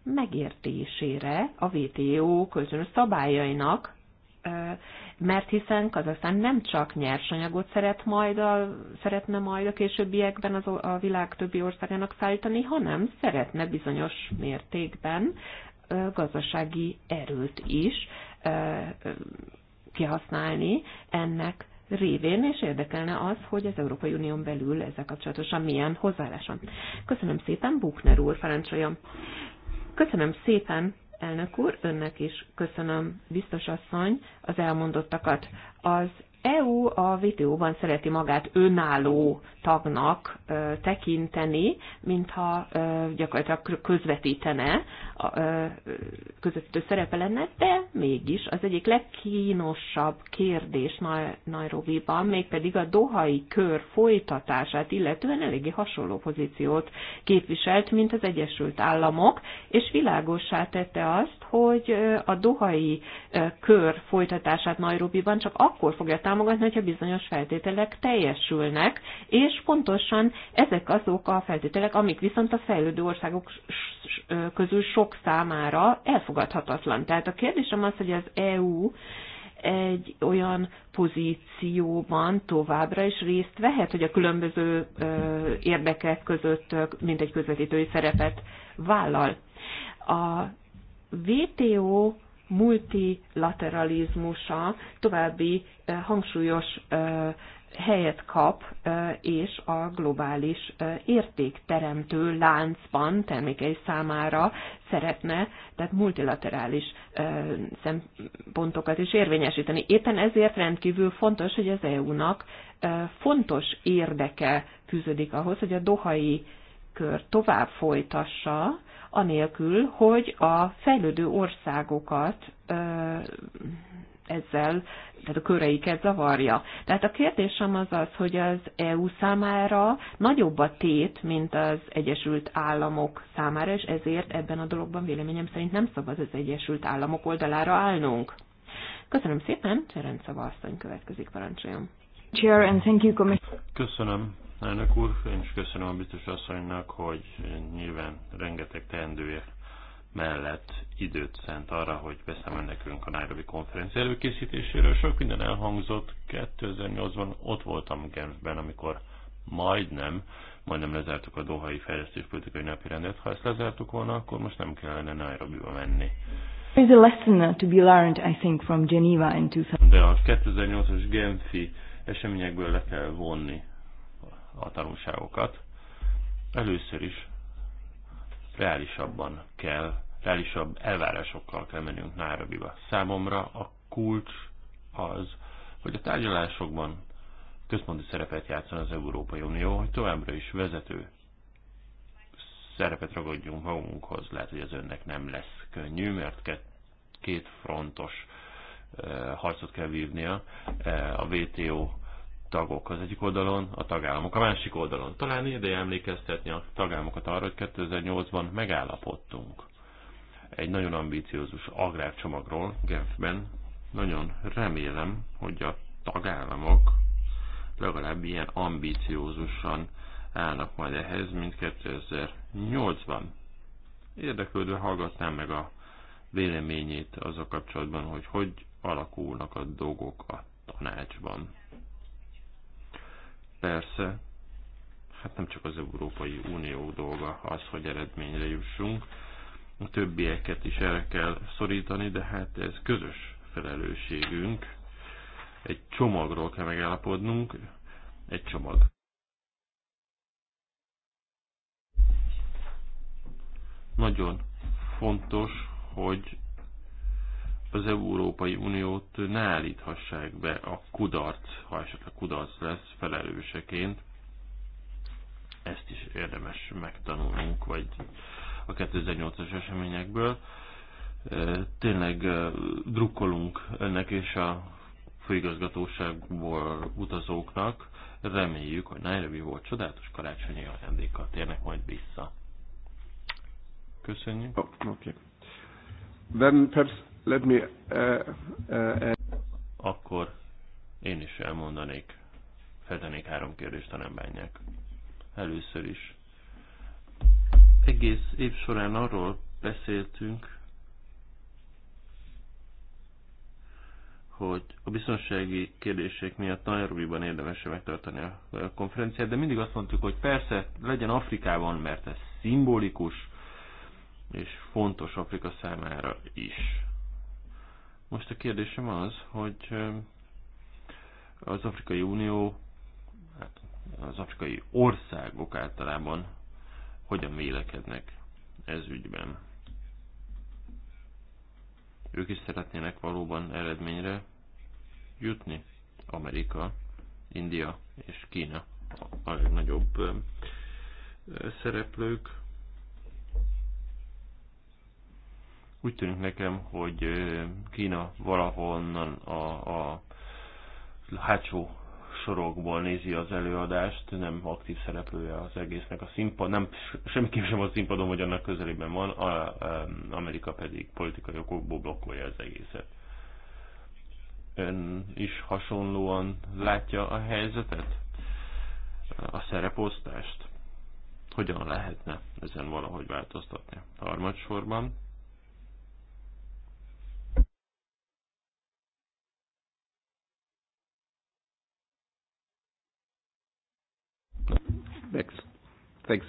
megértésére a WTO kölcsönös szabályainak, mert hiszen Kazasztán nem csak nyersanyagot szeret majd a, szeretne majd a későbbiekben az, a világ többi országának szállítani, hanem szeretne bizonyos mértékben gazdasági erőt is kihasználni ennek révén, és érdekelne az, hogy az Európai Unión belül ezzel kapcsolatosan milyen hozzáállás van. Köszönöm szépen, Buchner úr, parancsoljon. Köszönöm szépen, Elnök úr, önnek is köszönöm, biztos asszony, az elmondottakat. Az EU a WTO-ban szereti magát önálló tagnak ö, tekinteni, mintha ö, gyakorlatilag közvetítene, ö, közvetítő szerepe lenne, de mégis az egyik legkínosabb kérdés Nairobi-ban, mégpedig a dohai kör folytatását illetően eléggé hasonló pozíciót képviselt, mint az Egyesült Államok, és világossá tette azt, hogy a dohai kör folytatását Nairobiban csak akkor fogja támogatni, hogyha bizonyos feltételek teljesülnek, és pontosan ezek azok a feltételek, amik viszont a fejlődő országok közül sok számára elfogadhatatlan. Tehát a kérdésem az, hogy az EU egy olyan pozícióban továbbra is részt vehet, hogy a különböző érdekek között mint egy közvetítői szerepet vállal. A WTO multilateralizmusa további eh, hangsúlyos eh, helyet kap, eh, és a globális értékteremtő láncban termékei számára szeretne, tehát multilaterális szempontokat is érvényesíteni. Éppen ezért rendkívül fontos, hogy az EU-nak fontos érdeke fűződik ahhoz, hogy a dohai kör tovább folytassa, anélkül, hogy a fejlődő országokat ezzel, tehát a köreiket zavarja. Tehát a kérdésem az az, hogy az EU számára nagyobb a tét, mint az Egyesült Államok számára, és ezért ebben a dologban véleményem szerint nem szabad az Egyesült Államok oldalára állnunk. Köszönöm szépen, Ferenc Szava következik, parancsoljon. Chair and thank you, Köszönöm, Elnök úr, én is köszönöm a biztos asszonynak, hogy nyilván rengeteg teendője mellett időt szent arra, hogy beszámol nekünk a Nairobi konferencia előkészítéséről. Sok minden elhangzott. 2008-ban ott voltam Genfben, amikor majdnem, majdnem lezártuk a dohai fejlesztéspolitikai rendet. Ha ezt lezártuk volna, akkor most nem kellene Nairobiba menni. There's a lesson to be learned, I think, from Geneva in 2000. De a 2008-as Genfi eseményekből le kell vonni a tanulságokat. Először is reálisabban kell, reálisabb elvárásokkal kell mennünk Nárabiba. Számomra a kulcs az, hogy a tárgyalásokban központi szerepet játszon az Európai Unió, hogy továbbra is vezető szerepet ragadjunk magunkhoz. Lehet, hogy az önnek nem lesz könnyű, mert két frontos eh, harcot kell vívnia. Eh, a WTO tagok az egyik oldalon, a tagállamok a másik oldalon. Talán ideje emlékeztetni a tagállamokat arra, hogy 2008-ban megállapodtunk egy nagyon ambíciózus agrárcsomagról Genfben. Nagyon remélem, hogy a tagállamok legalább ilyen ambíciózusan állnak majd ehhez, mint 2008-ban. Érdeklődve hallgatnám meg a véleményét az a kapcsolatban, hogy hogy alakulnak a dolgok a tanácsban. Persze, hát nem csak az Európai Unió dolga az, hogy eredményre jussunk, a többieket is erre kell szorítani, de hát ez közös felelősségünk. Egy csomagról kell megállapodnunk, egy csomag. Nagyon fontos, hogy az Európai Uniót ne állíthassák be a kudarc, ha esetleg kudarc lesz felelőseként. Ezt is érdemes megtanulnunk, vagy a 2008-as eseményekből. Tényleg drukkolunk önnek és a főigazgatóságból utazóknak. Reméljük, hogy Nairobi volt csodálatos karácsonyi ajándékkal térnek majd vissza. Köszönjük. Oh, okay. Then perhaps Let me, uh, uh, uh, Akkor én is elmondanék, feltennék három kérdést, ha nem bánják. Először is. Egész év során arról beszéltünk, hogy a biztonsági kérdések miatt Nairobi-ban érdemes megtartani a konferenciát, de mindig azt mondtuk, hogy persze legyen Afrikában, mert ez szimbolikus, és fontos Afrika számára is. Most a kérdésem az, hogy az Afrikai Unió, az afrikai országok általában hogyan vélekednek ez ügyben? Ők is szeretnének valóban eredményre jutni? Amerika, India és Kína a legnagyobb szereplők, Úgy tűnik nekem, hogy Kína valahonnan a, a hátsó sorokból nézi az előadást, nem aktív szereplője az egésznek a színpad, nem, semmiképp sem a színpadon, hogy annak közelében van, a, a, Amerika pedig politikai okokból blokkolja az egészet. Ön is hasonlóan látja a helyzetet? A szereposztást? Hogyan lehetne ezen valahogy változtatni? Harmadsorban Thanks. Thanks.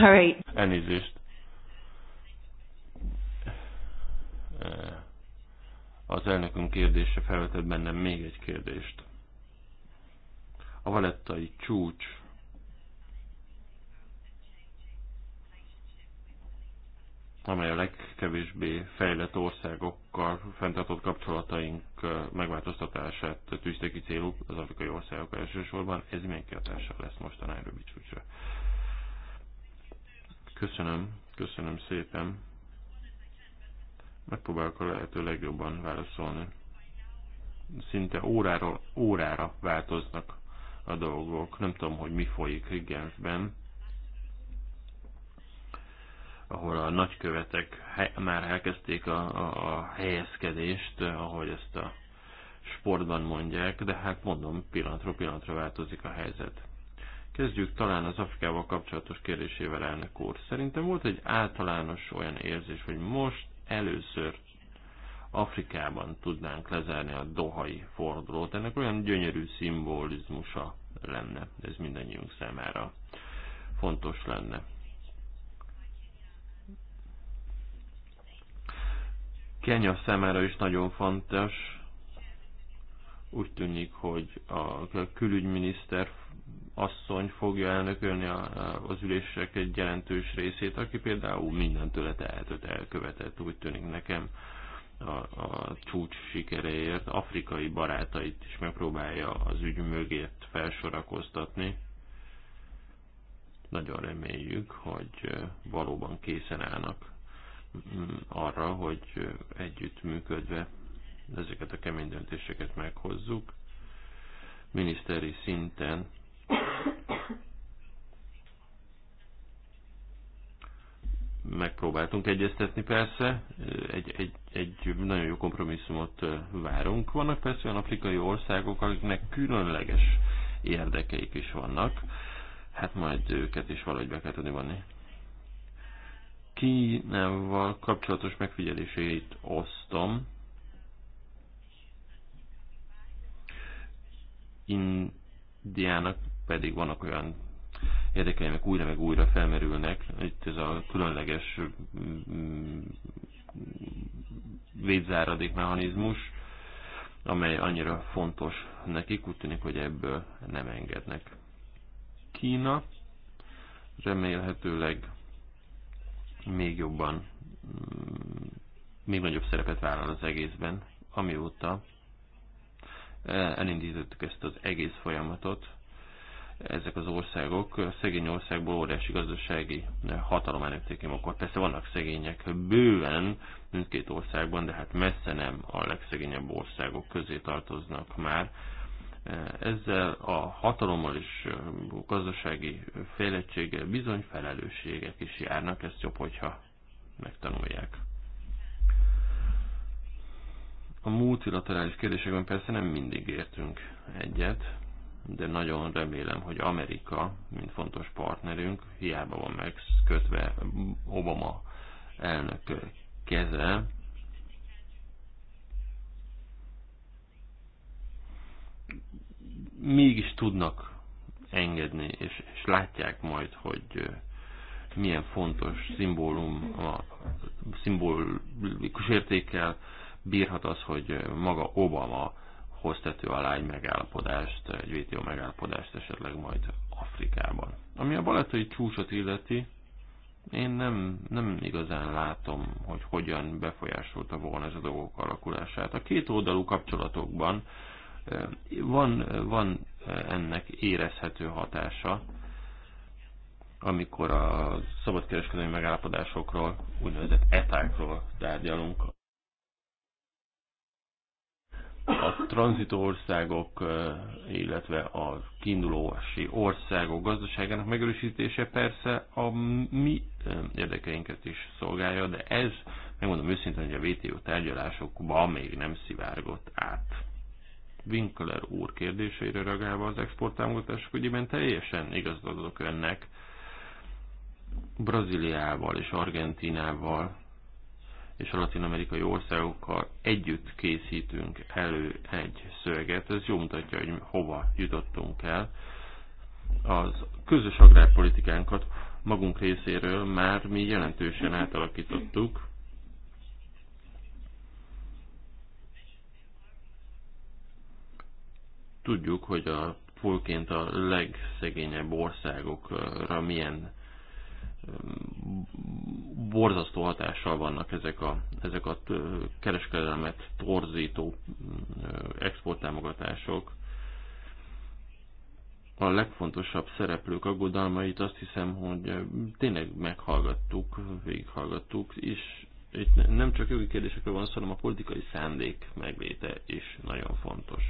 sorry. Elnézést. Eh, az elnökünk kérdése felvetett bennem még egy kérdést. A valettai csúcs amely a legkevésbé fejlett országokkal fenntartott kapcsolataink megváltoztatását tűzte ki célú az afrikai országok elsősorban. Ez milyen kihatással lesz most a Nairobi csúcsra? Köszönöm, köszönöm szépen. Megpróbálok a lehető legjobban válaszolni. Szinte óráról órára változnak a dolgok. Nem tudom, hogy mi folyik Genfben ahol a nagykövetek már elkezdték a, a, a helyezkedést, ahogy ezt a sportban mondják, de hát mondom, pillanatról pillanatra változik a helyzet. Kezdjük talán az Afrikával kapcsolatos kérdésével, elnök úr. Szerintem volt egy általános olyan érzés, hogy most először Afrikában tudnánk lezárni a dohai fordulót. Ennek olyan gyönyörű szimbolizmusa lenne, ez mindannyiunk számára fontos lenne. Kenya számára is nagyon fontos. Úgy tűnik, hogy a külügyminiszter asszony fogja elnökölni az ülések egy jelentős részét, aki például mindentől tehetőt elkövetett, úgy tűnik nekem a, a csúcs sikereért afrikai barátait is megpróbálja az ügy mögét felsorakoztatni. Nagyon reméljük, hogy valóban készen állnak arra, hogy együttműködve ezeket a kemény döntéseket meghozzuk. Miniszteri szinten megpróbáltunk egyeztetni persze, egy, egy, egy nagyon jó kompromisszumot várunk. Vannak persze olyan afrikai országok, akiknek különleges érdekeik is vannak, hát majd őket is valahogy be kell tudni vonni Kínával kapcsolatos megfigyeléseit osztom. Indiának pedig vannak olyan érdekei, amik újra meg újra felmerülnek. Itt ez a különleges mm, védzáradék mechanizmus, amely annyira fontos nekik, úgy tűnik, hogy ebből nem engednek. Kína remélhetőleg még jobban, mm, még nagyobb szerepet vállal az egészben, amióta e, elindítottuk ezt az egész folyamatot. Ezek az országok szegény országból óriási gazdasági e, hatalom előtték akkor. Persze vannak szegények bőven mindkét országban, de hát messze nem a legszegényebb országok közé tartoznak már ezzel a hatalommal és gazdasági fejlettséggel bizony felelősségek is járnak, ezt jobb, hogyha megtanulják. A multilaterális kérdésekben persze nem mindig értünk egyet, de nagyon remélem, hogy Amerika, mint fontos partnerünk, hiába van megkötve Obama elnök keze, mégis tudnak engedni, és, és látják majd, hogy milyen fontos szimbólum, a szimbolikus értékkel bírhat az, hogy maga Obama hoztető alá egy megállapodást, egy VTO megállapodást esetleg majd Afrikában. Ami a balatai csúcsot illeti, én nem, nem igazán látom, hogy hogyan befolyásolta volna ez a dolgok alakulását. A két oldalú kapcsolatokban van, van e, ennek érezhető hatása, amikor a szabadkereskedelmi megállapodásokról, úgynevezett etákról tárgyalunk. A országok, e, illetve a kiindulási országok gazdaságának megerősítése persze a mi e, érdekeinket is szolgálja, de ez, megmondom őszintén, hogy a WTO tárgyalásokban még nem szivárgott át. Winkler úr kérdéseire reagálva az exporttámogatások ügyében teljesen igazat önnek. Brazíliával és Argentinával és a latin-amerikai országokkal együtt készítünk elő egy szöveget. Ez jó mutatja, hogy hova jutottunk el. Az közös agrárpolitikánkat magunk részéről már mi jelentősen átalakítottuk. Tudjuk, hogy a főként a legszegényebb országokra milyen um, borzasztó hatással vannak ezek a, ezek a uh, kereskedelmet torzító uh, exporttámogatások. A legfontosabb szereplők aggodalmait azt hiszem, hogy uh, tényleg meghallgattuk, végighallgattuk, és itt nem csak jogi kérdésekről van szó, hanem a politikai szándék megléte is nagyon fontos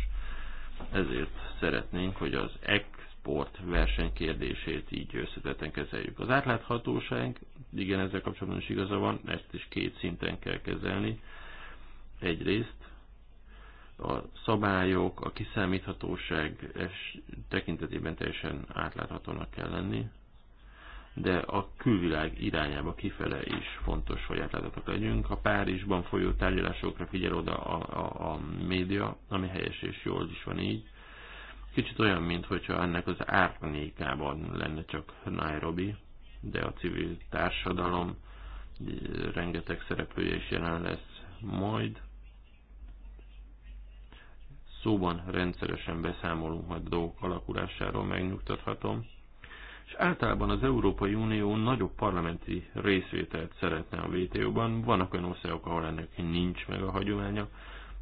ezért szeretnénk, hogy az export verseny kérdését így összetetten kezeljük. Az átláthatóság, igen, ezzel kapcsolatban is igaza van, ezt is két szinten kell kezelni. Egyrészt a szabályok, a kiszámíthatóság tekintetében teljesen átláthatónak kell lenni, de a külvilág irányába kifele is fontos, hogy átláthatók legyünk. A Párizsban folyó tárgyalásokra figyel oda a, a, a média, ami helyes és jól is van így. Kicsit olyan, mintha ennek az árnyékában lenne csak Nairobi, de a civil társadalom rengeteg szereplője is jelen lesz majd. Szóban rendszeresen beszámolunk majd a dolgok alakulásáról, megnyugtathatom és általában az Európai Unió nagyobb parlamenti részvételt szeretne a WTO-ban. Vannak olyan országok, ahol ennek nincs meg a hagyománya.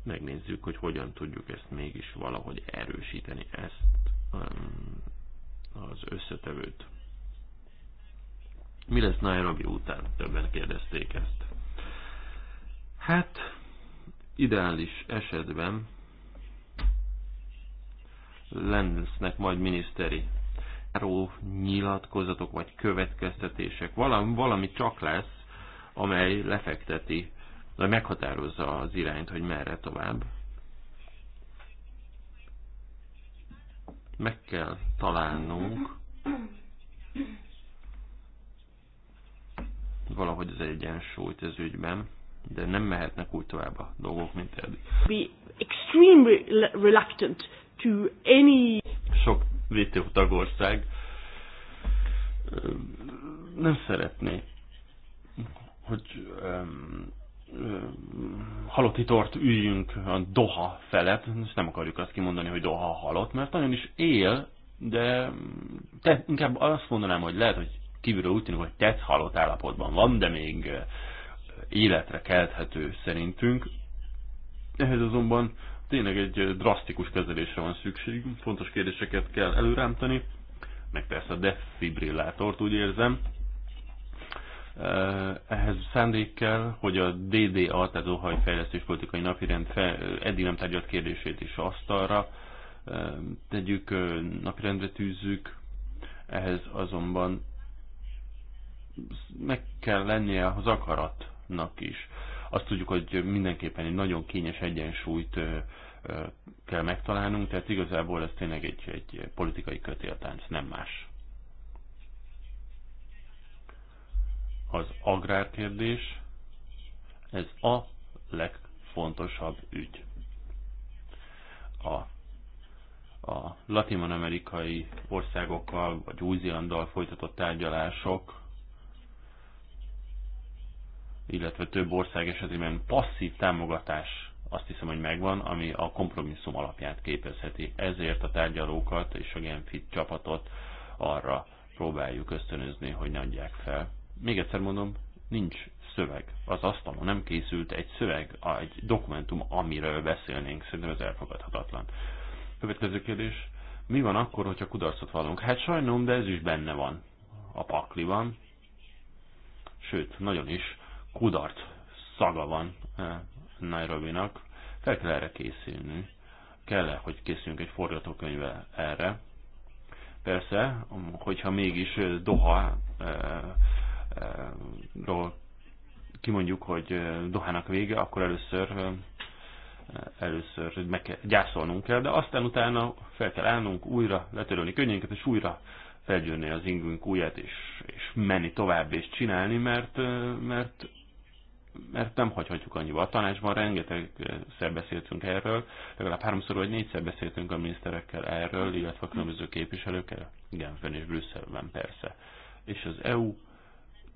Megnézzük, hogy hogyan tudjuk ezt mégis valahogy erősíteni, ezt um, az összetevőt. Mi lesz Nairobi után? Többen kérdezték ezt. Hát, ideális esetben lesznek majd miniszteri záró nyilatkozatok vagy következtetések. Valami, valami csak lesz, amely lefekteti, vagy meghatározza az irányt, hogy merre tovább. Meg kell találnunk valahogy az egyensúlyt ez ügyben, de nem mehetnek úgy tovább a dolgok, mint eddig. Be extremely reluctant to any... Sok WTO tagország nem szeretné, hogy um, um, halotti tort üljünk a Doha felett, és nem akarjuk azt kimondani, hogy Doha halott, mert nagyon is él, de te, inkább azt mondanám, hogy lehet, hogy kívülről úgy tűnik, hogy tetsz halott állapotban van, de még életre kelthető szerintünk. Ehhez azonban tényleg egy drasztikus kezelésre van szükség, fontos kérdéseket kell előrántani, meg persze a defibrillátort úgy érzem. Ehhez szándék kell, hogy a DDA, tehát Ohaj Fejlesztés Politikai Napirend eddig nem tárgyalt kérdését is asztalra tegyük, napirendre tűzzük, ehhez azonban meg kell lennie az akaratnak is. Azt tudjuk, hogy mindenképpen egy nagyon kényes egyensúlyt kell megtalálnunk, tehát igazából ez tényleg egy, egy politikai kötéltánc, nem más. Az agrárkérdés, ez a legfontosabb ügy. A, a latin-amerikai országokkal vagy új folytatott tárgyalások illetve több ország esetében passzív támogatás azt hiszem, hogy megvan, ami a kompromisszum alapját képezheti. Ezért a tárgyalókat és a Genfit csapatot arra próbáljuk ösztönözni, hogy ne adják fel. Még egyszer mondom, nincs szöveg. Az asztalon nem készült egy szöveg, egy dokumentum, amiről beszélnénk. Szerintem ez elfogadhatatlan. Következő kérdés. Mi van akkor, hogyha kudarcot vallunk? Hát sajnálom, de ez is benne van. A pakliban. Sőt, nagyon is kudarc szaga van eh, Nairobi-nak. fel kell erre készülni. kell -e, hogy készüljünk egy forgatókönyve erre. Persze, um, hogyha mégis eh, Doha ról eh, kimondjuk, hogy Dohának vége, akkor először először meg kell, gyászolnunk kell, de aztán utána fel kell állnunk, újra letörölni könnyénket, és újra felgyűrni az ingünk újat és, és menni tovább, és csinálni, mert, mert mert nem hagyhatjuk annyiba. A tanácsban rengeteg beszéltünk erről, legalább háromszor vagy négyszer beszéltünk a miniszterekkel erről, illetve a különböző képviselőkkel, Genfen és Brüsszelben persze. És az EU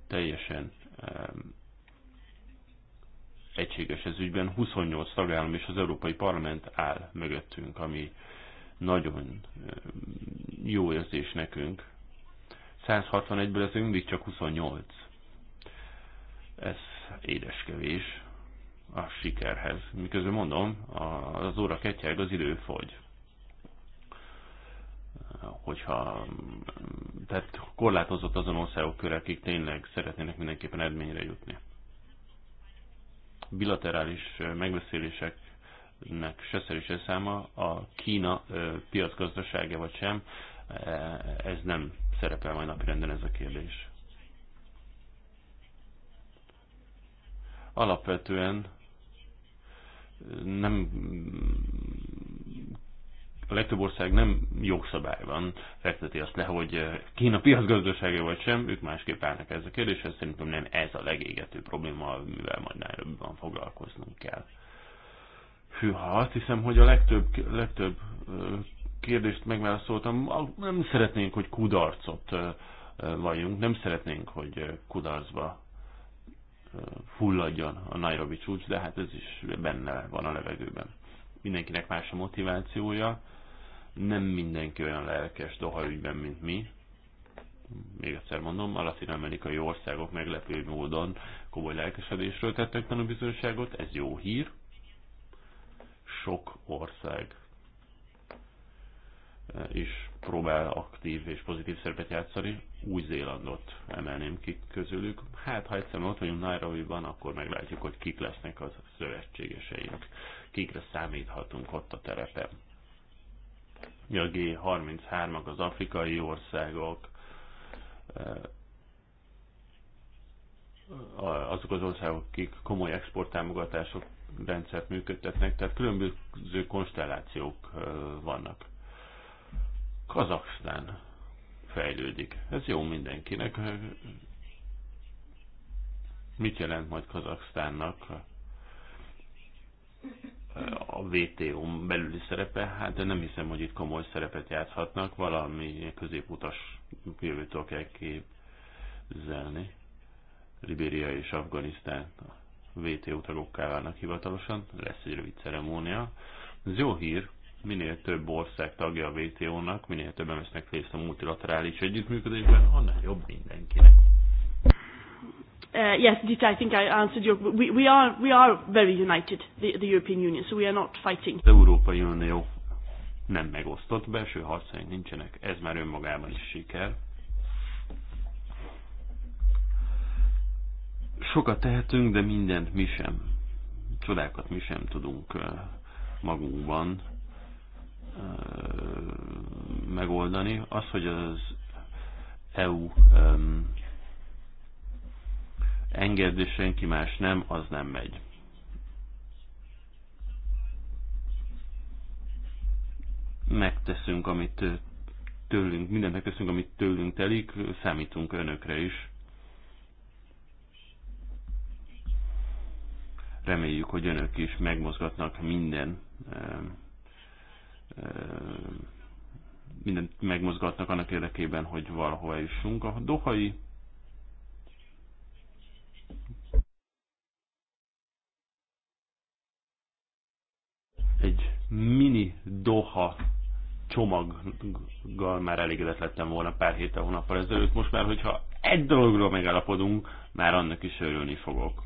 teljesen um, egységes ez ügyben, 28 tagállam és az Európai Parlament áll mögöttünk, ami nagyon jó érzés nekünk. 161-ből ez mindig csak 28. Ez édeskevés a sikerhez. Miközben mondom, az óra ketyeg, az idő fogy. Hogyha, tehát korlátozott azon országok köre, akik tényleg szeretnének mindenképpen eredményre jutni. Bilaterális megbeszélések nek se szer száma, a Kína piacgazdasága vagy sem, e, ez nem szerepel majd napirenden ez a kérdés. alapvetően nem a legtöbb ország nem jogszabályban fekteti azt le, hogy Kína piacgazdasága vagy sem, ők másképp állnak ez a kérdéshez, szerintem nem ez a legégető probléma, amivel majd Nairobiban foglalkoznunk kell. Hűha, azt hiszem, hogy a legtöbb, legtöbb kérdést megválaszoltam. Nem szeretnénk, hogy kudarcot vagyunk, nem szeretnénk, hogy kudarcba fulladjon a Nairobi csúcs, de hát ez is benne van a levegőben. Mindenkinek más a motivációja, nem mindenki olyan lelkes Doha ügyben, mint mi. Még egyszer mondom, a latin-amerikai országok meglepő módon komoly lelkesedésről tettek tanúbizonyságot, ez jó hír. Sok ország eh, is próbál aktív és pozitív szerepet játszani. Új-Zélandot emelném ki közülük. Hát, ha egyszer ott vagyunk Nairobi-ban, akkor meglátjuk, hogy kik lesznek az szövetségeseink. Kikre számíthatunk ott a terepen. a G33-ak, az afrikai országok, eh, azok az országok, akik komoly exporttámogatások rendszert működtetnek, tehát különböző konstellációk eh, vannak. Kazaksztán fejlődik. Ez jó mindenkinek. Mit jelent majd Kazaksztánnak a wto belüli szerepe? Hát de nem hiszem, hogy itt komoly szerepet játszhatnak. Valami középutas jövőtől kell képzelni. Libéria és Afganisztán a WTO tagokká válnak hivatalosan. Lesz egy rövid ceremónia. Ez jó hír, minél több ország tagja a WTO-nak, minél többen vesznek részt a multilaterális együttműködésben, annál jobb mindenkinek. Uh, yes, Dita, I think I answered your. We, we are we are very united, the, the European Union, so we are not fighting. Az Európai Unió nem megosztott, belső harcaink nincsenek, ez már önmagában is siker. Sokat tehetünk, de mindent mi sem, csodákat mi sem tudunk uh, magunkban megoldani. Az, hogy az EU um, enged, és senki más nem, az nem megy. Megteszünk, amit tőlünk, mindent megteszünk, amit tőlünk telik, számítunk önökre is. Reméljük, hogy önök is megmozgatnak minden um, mindent megmozgatnak annak érdekében, hogy valahol eljussunk. A dohai egy mini doha csomaggal már elégedett lettem volna pár héttel, hónappal ezelőtt. Most már, hogyha egy dologról megállapodunk, már annak is örülni fogok.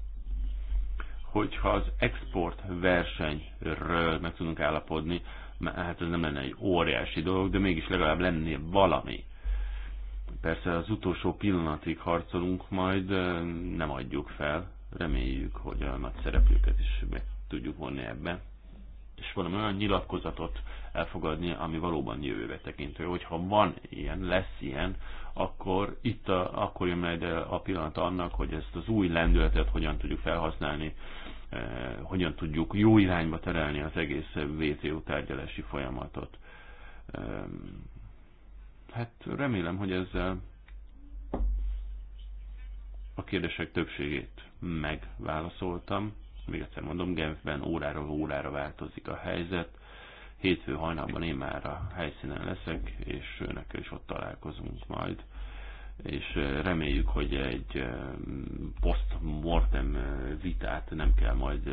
Hogyha az export versenyről meg tudunk állapodni, hát ez nem lenne egy óriási dolog, de mégis legalább lenné valami. Persze az utolsó pillanatig harcolunk, majd nem adjuk fel, reméljük, hogy a nagy szereplőket is meg tudjuk vonni ebbe, és valami olyan nyilatkozatot elfogadni, ami valóban jövőbe tekintő. Hogyha van ilyen, lesz ilyen, akkor itt a, akkor jön majd a pillanat annak, hogy ezt az új lendületet hogyan tudjuk felhasználni Eh, hogyan tudjuk jó irányba terelni az egész WTO tárgyalási folyamatot. Hát remélem, hogy ezzel a kérdések többségét megválaszoltam. Még egyszer mondom, Genfben órára órára változik a helyzet. Hétfő hajnalban én már a helyszínen leszek, és önökkel is ott találkozunk majd és reméljük, hogy egy post-mortem vitát nem kell majd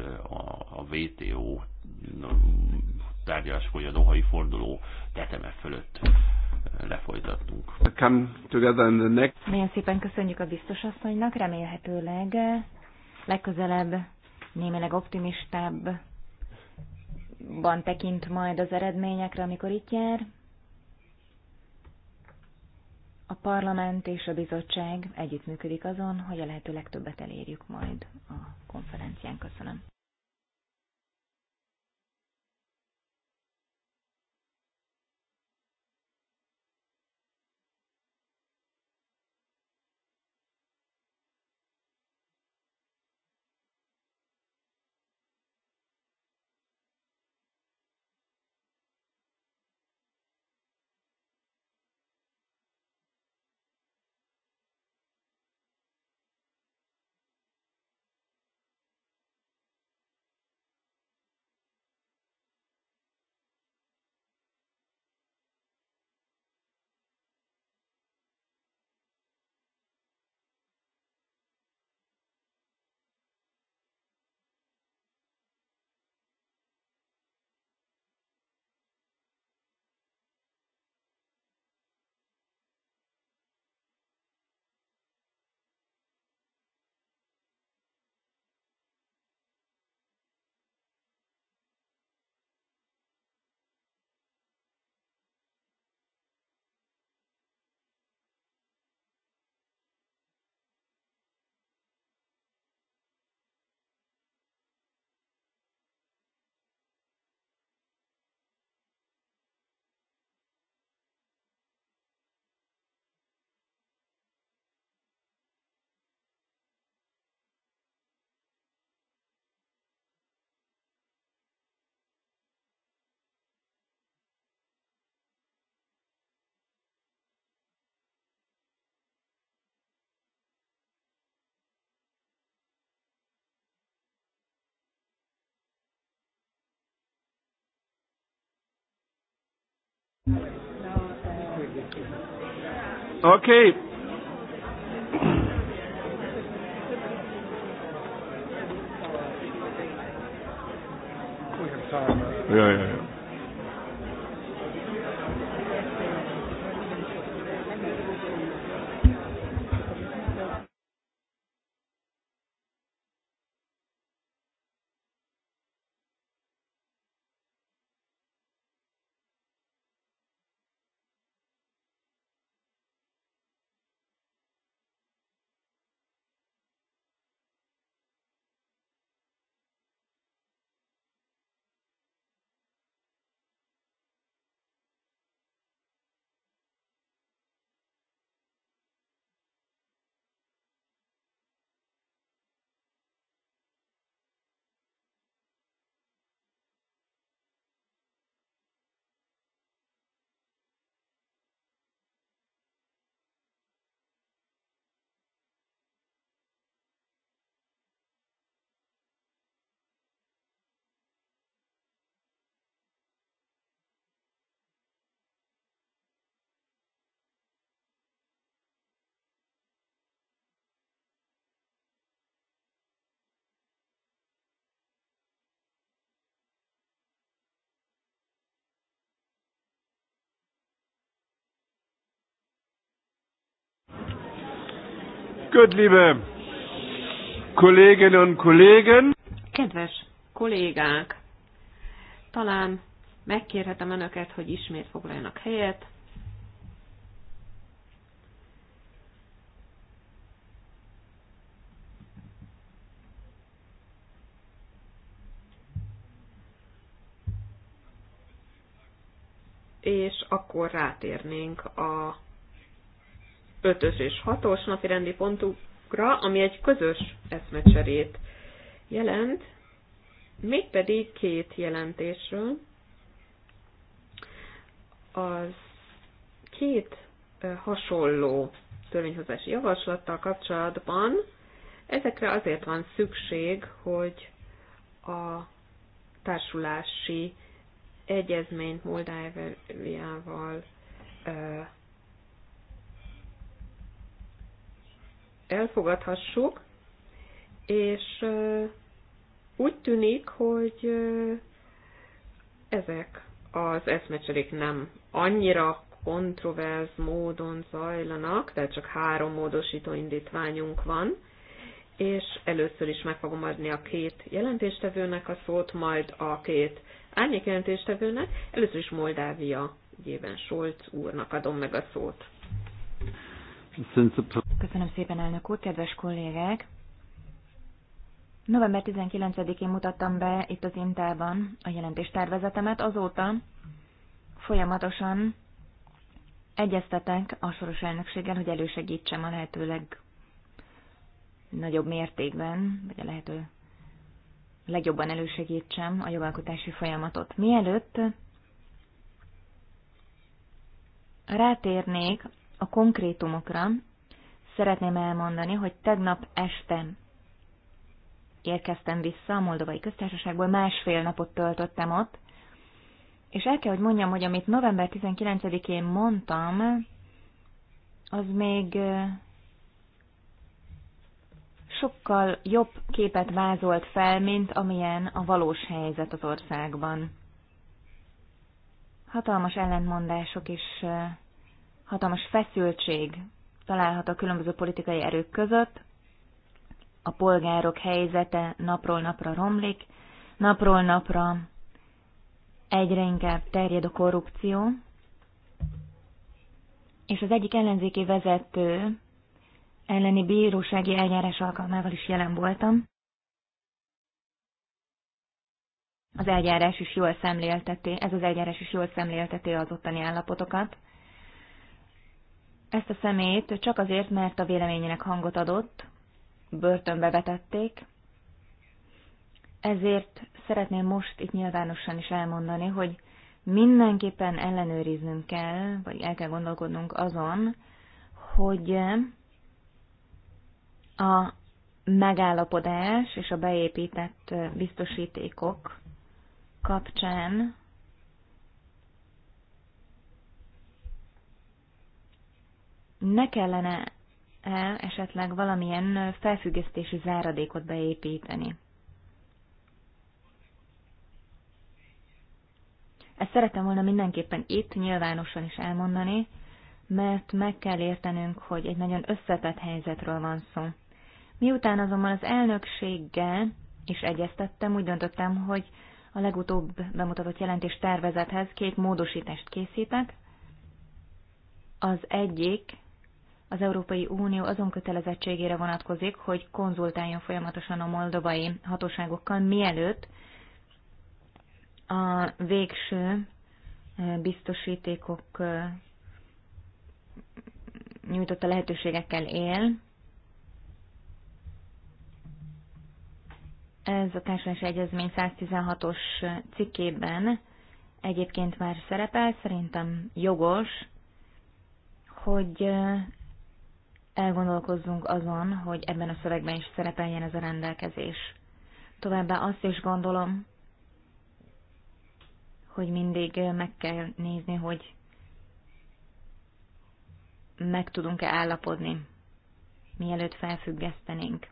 a VTO tárgyalás vagy a Dohai forduló teteme fölött lefolytatnunk. Nagyon szépen köszönjük a biztos asszonynak, remélhetőleg legközelebb némileg optimistább ban tekint majd az eredményekre, amikor itt jár. A parlament és a bizottság együttműködik azon, hogy a lehető legtöbbet elérjük majd a konferencián. Köszönöm. Okay. Yeah, yeah. yeah. Gut, liebe Kolleginnen und Kollegen. Kedves kollégák, talán megkérhetem önöket, hogy ismét foglaljanak helyet. És akkor rátérnénk a ötös és hatos napi rendi pontukra, ami egy közös eszmecserét jelent, mégpedig két jelentésről. Az két hasonló törvényhozási javaslattal kapcsolatban ezekre azért van szükség, hogy a társulási egyezményt Moldáviával elfogadhassuk, és úgy tűnik, hogy ezek az eszmecserék nem annyira kontroverz módon zajlanak, tehát csak három módosító indítványunk van, és először is meg fogom adni a két jelentéstevőnek a szót, majd a két árnyék jelentéstevőnek, először is Moldávia ügyében Solc úrnak adom meg a szót. Köszönöm szépen, elnök úr, kedves kollégák! November 19-én mutattam be itt az Intában a jelentéstervezetemet, azóta folyamatosan egyeztetek a soros elnökséggel, hogy elősegítsem a lehetőleg nagyobb mértékben, vagy a lehető legjobban elősegítsem a jogalkotási folyamatot. Mielőtt rátérnék a konkrétumokra, szeretném elmondani, hogy tegnap este érkeztem vissza a Moldovai Köztársaságból, másfél napot töltöttem ott, és el kell, hogy mondjam, hogy amit november 19-én mondtam, az még sokkal jobb képet vázolt fel, mint amilyen a valós helyzet az országban. Hatalmas ellentmondások és hatalmas feszültség található a különböző politikai erők között. A polgárok helyzete napról napra romlik, napról napra egyre inkább terjed a korrupció, és az egyik ellenzéki vezető elleni bírósági eljárás alkalmával is jelen voltam. Az eljárás is jól szemlélteti, ez az eljárás is jól szemlélteti az ottani állapotokat. Ezt a szemét csak azért, mert a véleményének hangot adott, börtönbe vetették, ezért szeretném most itt nyilvánosan is elmondani, hogy mindenképpen ellenőriznünk kell, vagy el kell gondolkodnunk azon, hogy a megállapodás és a beépített biztosítékok kapcsán ne kellene -e esetleg valamilyen felfüggesztési záradékot beépíteni? Ezt szeretem volna mindenképpen itt nyilvánosan is elmondani, mert meg kell értenünk, hogy egy nagyon összetett helyzetről van szó. Miután azonban az elnökséggel is egyeztettem, úgy döntöttem, hogy a legutóbb bemutatott jelentés tervezethez két módosítást készítek. Az egyik az Európai Unió azon kötelezettségére vonatkozik, hogy konzultáljon folyamatosan a moldovai hatóságokkal, mielőtt a végső eh, biztosítékok eh, nyújtotta lehetőségekkel él. Ez a társadalmi egyezmény 116-os cikkében egyébként már szerepel, szerintem jogos, hogy eh, elgondolkozzunk azon, hogy ebben a szövegben is szerepeljen ez a rendelkezés. Továbbá azt is gondolom, hogy mindig meg kell nézni, hogy meg tudunk-e állapodni, mielőtt felfüggesztenénk.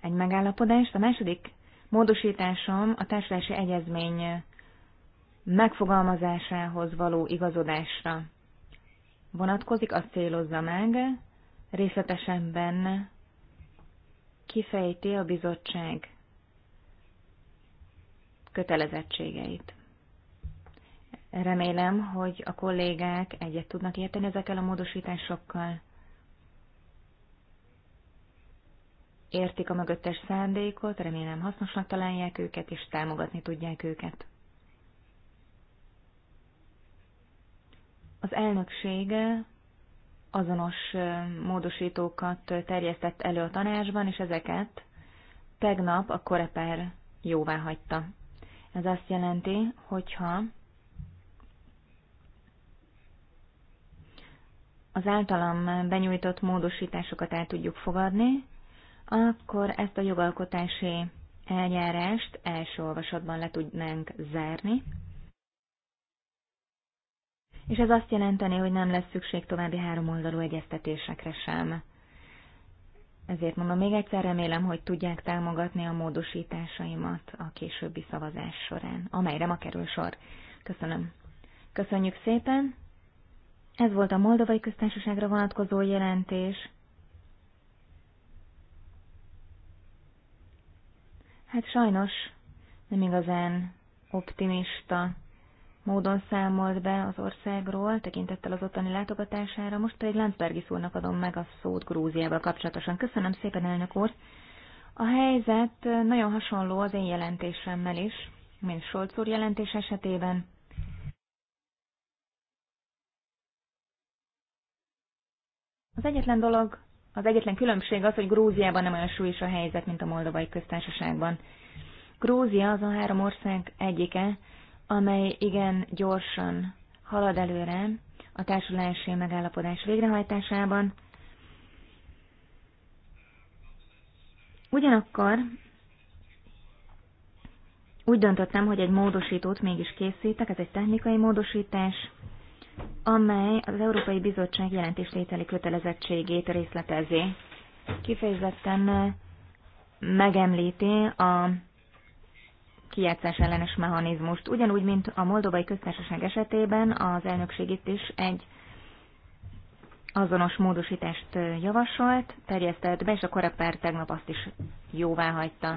Egy megállapodást, a második módosításom a társadalmi egyezmény megfogalmazásához való igazodásra vonatkozik, azt célozza meg, részletesen benne kifejti a bizottság kötelezettségeit. Remélem, hogy a kollégák egyet tudnak érteni ezekkel a módosításokkal. Értik a mögöttes szándékot, remélem hasznosnak találják őket, és támogatni tudják őket. Az elnökség azonos módosítókat terjesztett elő a tanácsban, és ezeket tegnap a Koreper jóvá hagyta. Ez azt jelenti, hogyha az általam benyújtott módosításokat el tudjuk fogadni, akkor ezt a jogalkotási eljárást első olvasatban le tudnánk zárni, és ez azt jelenteni, hogy nem lesz szükség további három oldalú egyeztetésekre sem. Ezért mondom még egyszer, remélem, hogy tudják támogatni a módosításaimat a későbbi szavazás során, amelyre ma kerül sor. Köszönöm. Köszönjük szépen! Ez volt a Moldovai Köztársaságra vonatkozó jelentés. Hát sajnos nem igazán optimista módon számolt be az országról, tekintettel az ottani látogatására, most pedig Landsbergi úrnak adom meg a szót Grúziával kapcsolatosan. Köszönöm szépen, elnök úr! A helyzet nagyon hasonló az én jelentésemmel is, mint Solc úr jelentés esetében. Az egyetlen dolog, az egyetlen különbség az, hogy Grúziában nem olyan súlyos a helyzet, mint a Moldovai Köztársaságban. Grúzia az a három ország egyike, amely igen gyorsan halad előre a társulási megállapodás végrehajtásában. Ugyanakkor úgy döntöttem, hogy egy módosítót mégis készítek, ez egy technikai módosítás, amely az Európai Bizottság jelentéstételi kötelezettségét részletezi. Kifejezetten megemlíti a kijátszás ellenes mechanizmust. Ugyanúgy, mint a Moldovai Köztársaság esetében az elnökség itt is egy azonos módosítást javasolt, terjesztett be, és a korepár tegnap azt is jóvá hagyta.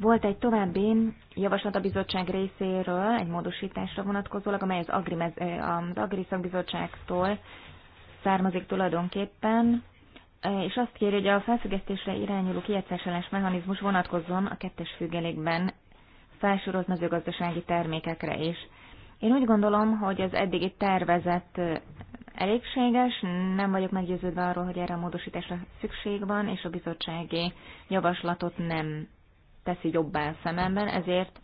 Volt egy további javaslat a bizottság részéről, egy módosításra vonatkozólag, amely az Agri, az Agri Szakbizottságtól származik tulajdonképpen, E, és azt kéri, hogy a felfüggesztésre irányuló kijátszásolás mechanizmus vonatkozzon a kettes függelékben felsorolt mezőgazdasági termékekre is. Én úgy gondolom, hogy az eddigi tervezett e, elégséges, nem vagyok meggyőződve arról, hogy erre a módosításra szükség van, és a bizottsági javaslatot nem teszi jobbá a szememben, ezért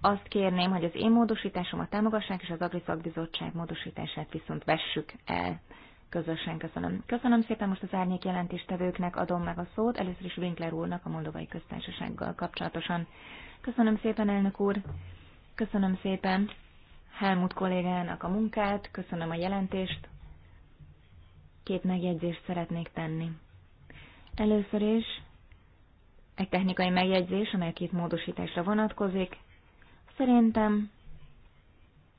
azt kérném, hogy az én módosításomat támogassák, és az Agri bizottság módosítását viszont vessük el közösen. Köszönöm. Köszönöm szépen, most az árnyék jelentéstevőknek adom meg a szót, először is Winkler úrnak a Moldovai Köztársasággal kapcsolatosan. Köszönöm szépen, elnök úr. Köszönöm szépen Helmut kollégának a munkát, köszönöm a jelentést. Két megjegyzést szeretnék tenni. Először is egy technikai megjegyzés, amely a két módosításra vonatkozik. Szerintem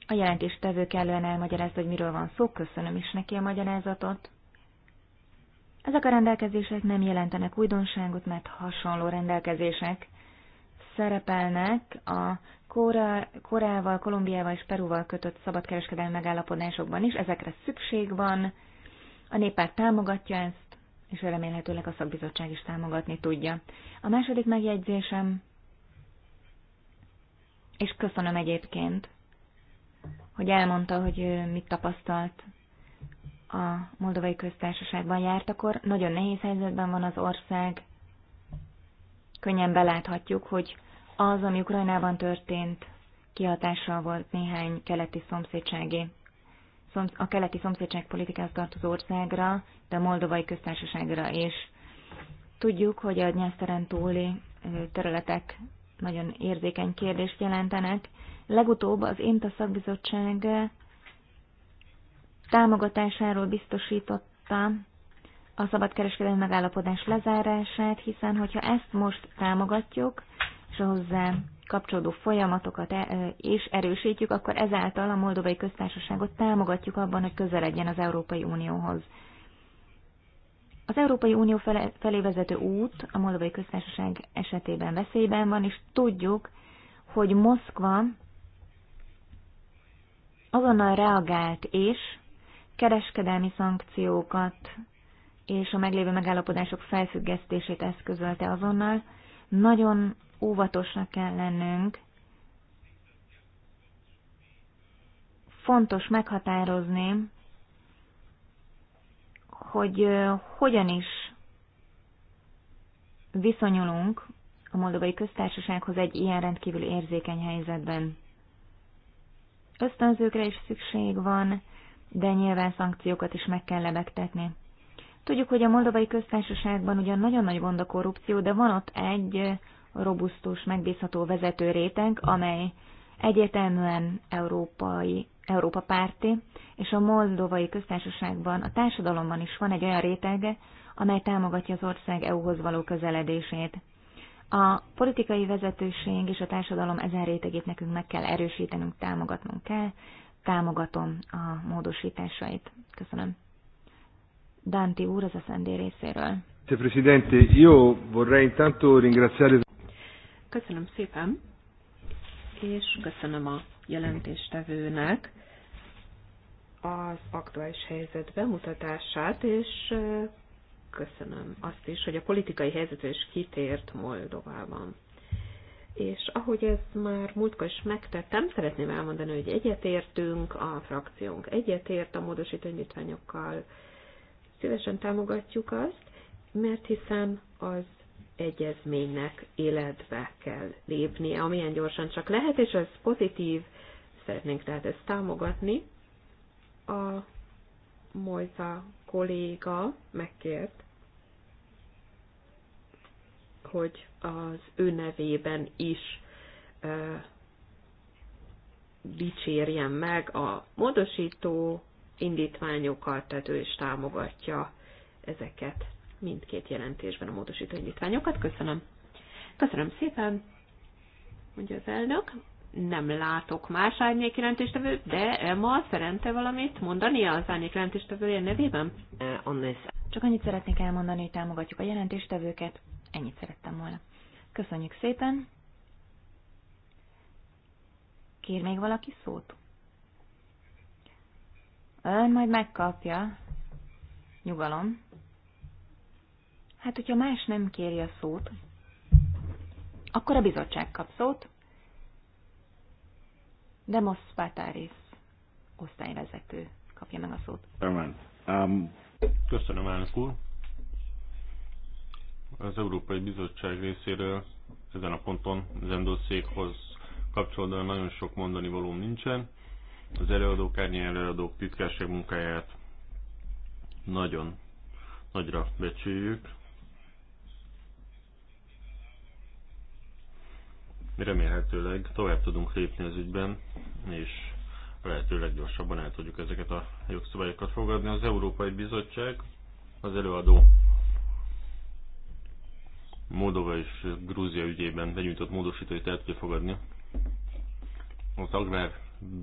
a jelentéstevő kellően elmagyarázta, hogy miről van szó, köszönöm is neki a magyarázatot. Ezek a rendelkezések nem jelentenek újdonságot, mert hasonló rendelkezések szerepelnek a Kóra, Korával, Kolumbiával és Perúval kötött szabadkereskedelmi megállapodásokban is. Ezekre szükség van, a néppárt támogatja ezt, és remélhetőleg a szakbizottság is támogatni tudja. A második megjegyzésem, és köszönöm egyébként hogy elmondta, hogy mit tapasztalt a Moldovai Köztársaságban jártakor. Nagyon nehéz helyzetben van az ország. Könnyen beláthatjuk, hogy az, ami Ukrajnában történt, kihatással volt néhány keleti szomszédsági, a keleti szomszédság politikához tartozó országra, de a Moldovai Köztársaságra is. Tudjuk, hogy a Nyeszteren túli területek nagyon érzékeny kérdést jelentenek, Legutóbb az INTA szakbizottság támogatásáról biztosította a szabadkereskedelmi megállapodás lezárását, hiszen hogyha ezt most támogatjuk, és hozzá kapcsolódó folyamatokat e- e- is erősítjük, akkor ezáltal a Moldovai Köztársaságot támogatjuk abban, hogy közeledjen az Európai Unióhoz. Az Európai Unió felé vezető út a Moldovai Köztársaság esetében veszélyben van, és tudjuk, hogy Moszkva azonnal reagált és kereskedelmi szankciókat és a meglévő megállapodások felfüggesztését eszközölte azonnal. Nagyon óvatosnak kell lennünk. Fontos meghatározni, hogy hogyan is viszonyulunk a Moldovai Köztársasághoz egy ilyen rendkívül érzékeny helyzetben ösztönzőkre is szükség van, de nyilván szankciókat is meg kell lebegtetni. Tudjuk, hogy a Moldovai Köztársaságban ugyan nagyon nagy gond a korrupció, de van ott egy robusztus, megbízható vezető réteg, amely egyértelműen európai, Európa párti, és a Moldovai Köztársaságban, a társadalomban is van egy olyan rétege, amely támogatja az ország EU-hoz való közeledését. A politikai vezetőség és a társadalom ezen rétegét nekünk meg kell erősítenünk, támogatnunk kell. Támogatom a módosításait. Köszönöm. Dante úr az szendé részéről. Presidente, vorrei intanto ringraziare... Köszönöm szépen, és köszönöm a jelentéstevőnek az aktuális helyzet bemutatását, és köszönöm azt is, hogy a politikai helyzetre is kitért Moldovában. És ahogy ez már múltkor is megtettem, szeretném elmondani, hogy egyetértünk, a frakciónk egyetért a módosító nyitványokkal szívesen támogatjuk azt, mert hiszen az egyezménynek életbe kell lépnie, amilyen gyorsan csak lehet, és ez pozitív, szeretnénk tehát ezt támogatni. A Mojza kolléga megkért hogy az ő nevében is dicsérjen meg a módosító indítványokat, tehát ő is támogatja ezeket mindkét jelentésben a módosító indítványokat. Köszönöm. Köszönöm szépen, mondja az elnök. Nem látok más árnyék jelentéstevő, de Emma szerente valamit mondani az árnyék jelentéstevője nevében? Uh, Csak annyit szeretnék elmondani, hogy támogatjuk a jelentéstevőket, Ennyit szerettem volna. Köszönjük szépen. Kér még valaki szót? Ön majd megkapja. Nyugalom. Hát, hogyha más nem kéri a szót, akkor a bizottság kap szót. Demos Pátáris osztályvezető kapja meg a szót. Um, Köszönöm, elnök úr az Európai Bizottság részéről ezen a ponton az endosszékhoz kapcsolatban nagyon sok mondani való nincsen. Az előadók, árnyi előadók titkárság munkáját nagyon nagyra becsüljük. Remélhetőleg tovább tudunk lépni az ügyben, és lehetőleg gyorsabban el tudjuk ezeket a jogszabályokat fogadni. Az Európai Bizottság, az előadó Moldova és Grúzia ügyében benyújtott módosítóit el tudja fogadni. Az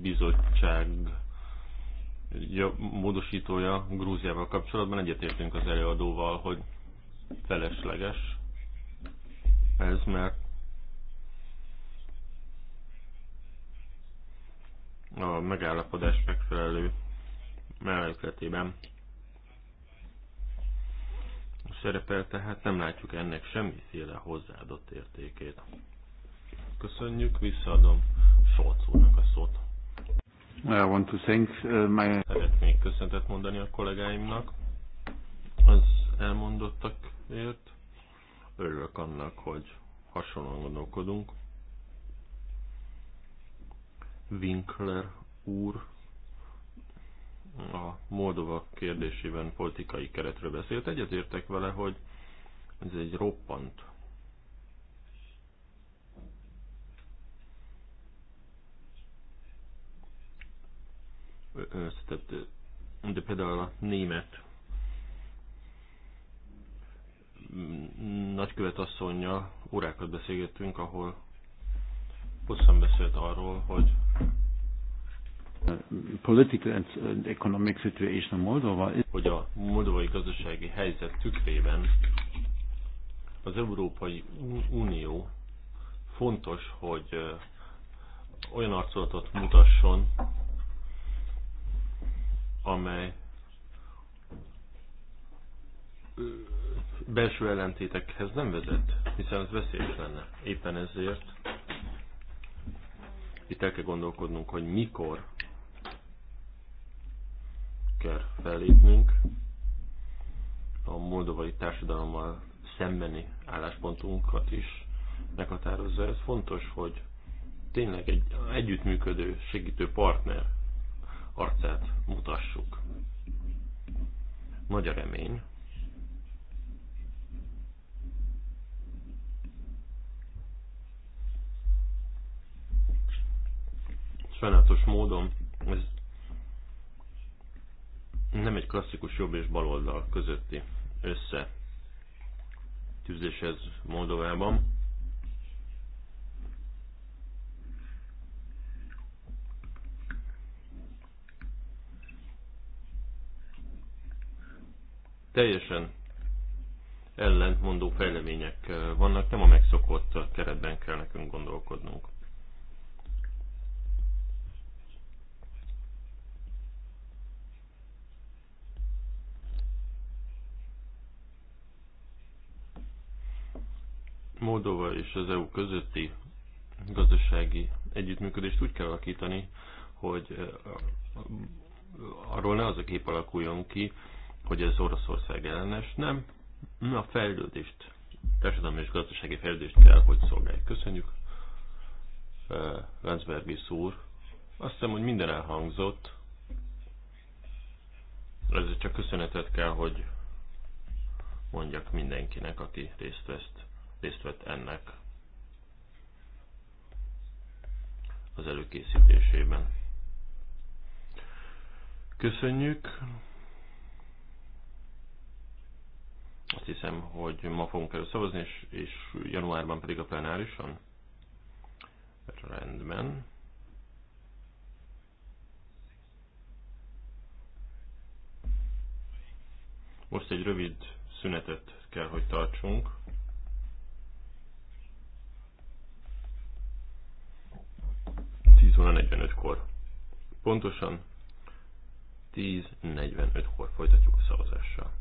Bizottság módosítója Grúziával kapcsolatban egyetértünk az előadóval, hogy felesleges ez, mert a megállapodás megfelelő mellékletében szerepel, tehát nem látjuk ennek semmiféle hozzáadott értékét. Köszönjük, visszaadom Solc úrnak a szót. I want to thank uh, my... Szeretnék köszöntet mondani a kollégáimnak az elmondottakért. Örülök annak, hogy hasonlóan gondolkodunk. Winkler úr a Moldova kérdésében politikai keretről beszélt. Egyetértek vele, hogy ez egy roppant összetett, de például a német nagykövet asszonynal órákat beszélgettünk, ahol hosszan beszélt arról, hogy political and economic situation in Moldova is... Hogy a moldovai gazdasági helyzet tükrében az Európai Unió fontos, hogy olyan arculatot mutasson, amely belső ellentétekhez nem vezet, hiszen ez veszélyes lenne. Éppen ezért itt el kell gondolkodnunk, hogy mikor kell fellépnünk. A moldovai társadalommal szembeni álláspontunkat is meghatározza. Ez fontos, hogy tényleg egy együttműködő, segítő partner arcát mutassuk. Nagy a remény, sajnálatos módon ez nem egy klasszikus jobb és baloldal közötti össze tűzéshez Moldovában. Teljesen ellentmondó fejlemények vannak, nem a megszokott keretben kell nekünk gondolkodnunk. Moldova és az EU közötti gazdasági együttműködést úgy kell alakítani, hogy eh, arról ne az a kép alakuljon ki, hogy ez Oroszország ellenes, nem. A fejlődést, társadalmi és gazdasági fejlődést kell, hogy szolgáljuk. Köszönjük. Eh, Lenzbergi úr. Azt hiszem, hogy minden elhangzott. Ezért csak köszönetet kell, hogy mondjak mindenkinek, aki részt vesz részt vett ennek az előkészítésében. Köszönjük! Azt hiszem, hogy ma fogunk erről szavazni, és, és januárban pedig a plenárison. Rendben. Most egy rövid szünetet kell, hogy tartsunk. 10 óra 45-kor. Pontosan 10.45-kor folytatjuk a szavazással.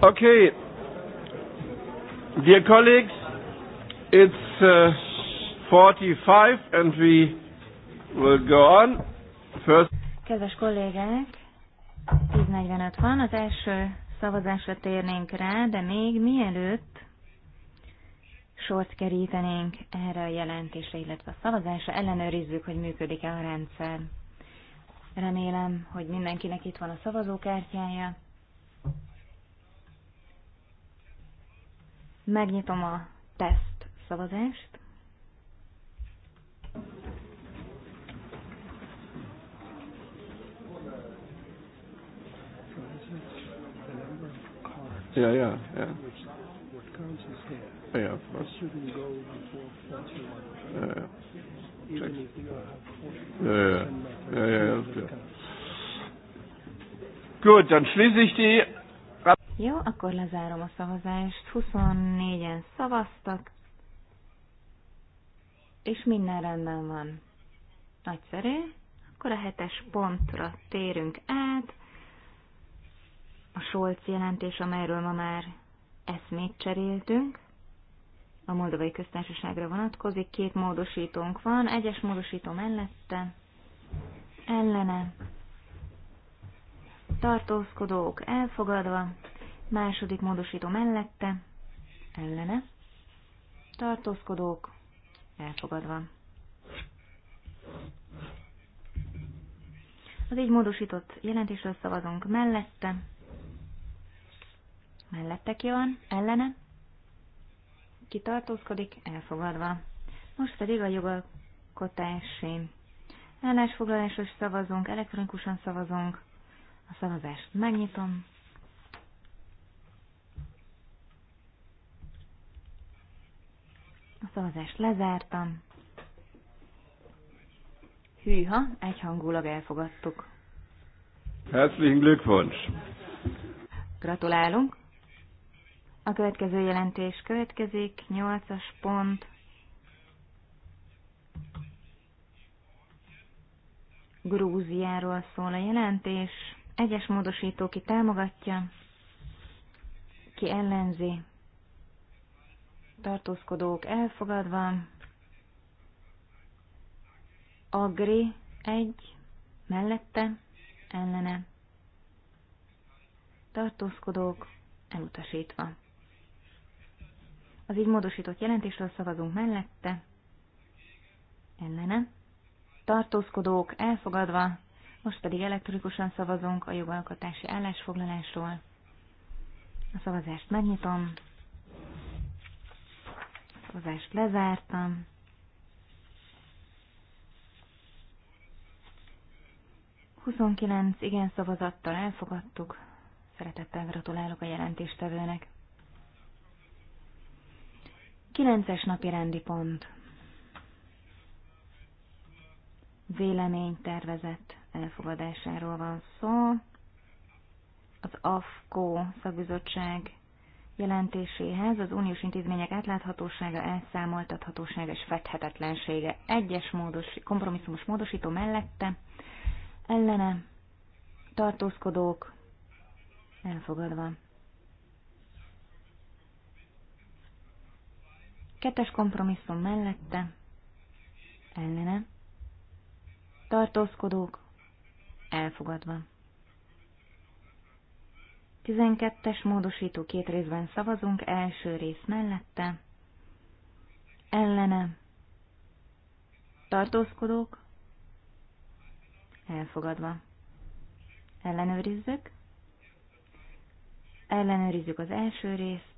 Okay. Dear colleagues, it's uh, 45 and we will go on. First. Kedves kollégák, 10.45 van, az első szavazásra térnénk rá, de még mielőtt sort kerítenénk erre a jelentésre, illetve a szavazásra, ellenőrizzük, hogy működik-e a rendszer. Remélem, hogy mindenkinek itt van a szavazókártyája. Megnyitom a teszt szavazást. Yeah, yeah, yeah. What counts is here. Yeah, of course. shouldn't go before Yeah, yeah, yeah. Gut, dann schließe ich die jó, akkor lezárom a szavazást. 24-en szavaztak, és minden rendben van. Nagyszerű. Akkor a hetes pontra térünk át. A Solc jelentés, amelyről ma már eszmét cseréltünk, a Moldovai Köztársaságra vonatkozik. Két módosítónk van, egyes módosító mellette, ellene, tartózkodók elfogadva, Második módosító mellette, ellene, tartózkodók, elfogadva. Az így módosított jelentésről szavazunk mellette. Mellette ki van, ellene. Ki tartózkodik, elfogadva. Most pedig a jogalkotási állásfoglalásos szavazunk, elektronikusan szavazunk. A szavazást megnyitom. Szavazást lezártam. Hűha, egyhangulag elfogadtuk. Herzlichen Glückwunsch! Gratulálunk! A következő jelentés következik, 8-as pont. Grúziáról szól a jelentés. Egyes módosító ki támogatja, ki ellenzi, tartózkodók elfogadva, Agri egy mellette, ellene, tartózkodók elutasítva. Az így módosított jelentésről szavazunk mellette, ellene, tartózkodók elfogadva, most pedig elektronikusan szavazunk a jogalkotási állásfoglalásról. A szavazást megnyitom. Szavazást lezártam. Huszonkilenc igen szavazattal elfogadtuk. Szeretettel gratulálok a jelentéstevőnek. Kilences napi rendi pont. tervezett elfogadásáról van szó. Az AFKO szabizottság jelentéséhez az uniós intézmények átláthatósága, elszámoltathatósága és fethetetlensége Egyes módos, kompromisszumos módosító mellette, ellene tartózkodók elfogadva. Kettes kompromisszum mellette, ellene tartózkodók elfogadva. 12-es módosító két részben szavazunk, első rész mellette, ellene, tartózkodók, elfogadva. Ellenőrizzük, ellenőrizzük az első részt,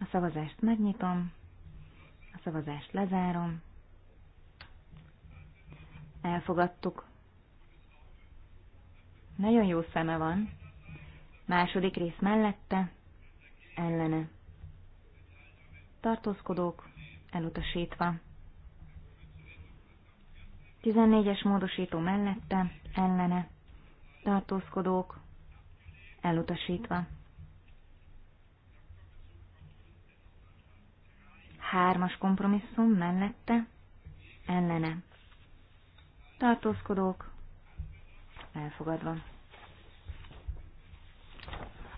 a szavazást megnyitom, a szavazást lezárom, elfogadtuk nagyon jó szeme van. Második rész mellette, ellene. Tartózkodók, elutasítva. 14-es módosító mellette, ellene. Tartózkodók, elutasítva. Hármas kompromisszum mellette, ellene. Tartózkodók, elfogadva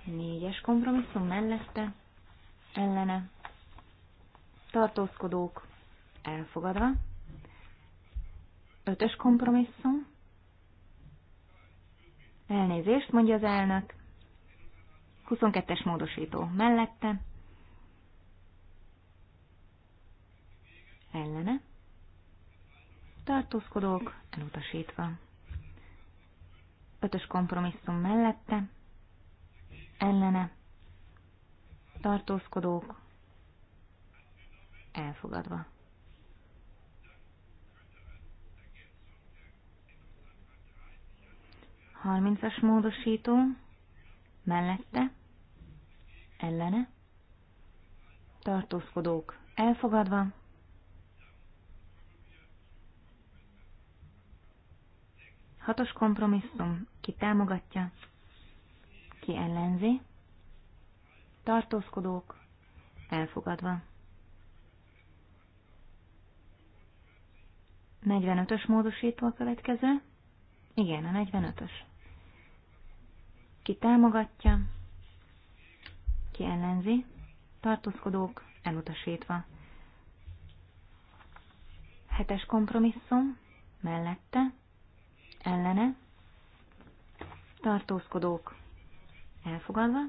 négyes kompromisszum mellette, ellene, tartózkodók elfogadva, ötös kompromisszum, elnézést mondja az elnök, 22-es módosító mellette, ellene, tartózkodók elutasítva. Ötös kompromisszum mellette, ellene tartózkodók elfogadva. Harmincas módosító mellette ellene tartózkodók elfogadva. Hatos kompromisszum ki támogatja, ki ellenzi? Tartózkodók. Elfogadva. 45-ös módosító a következő. Igen, a 45-ös. Ki támogatja? Ki ellenzi? Tartózkodók. Elutasítva. Hetes kompromisszum. Mellette. Ellene. Tartózkodók elfogadva.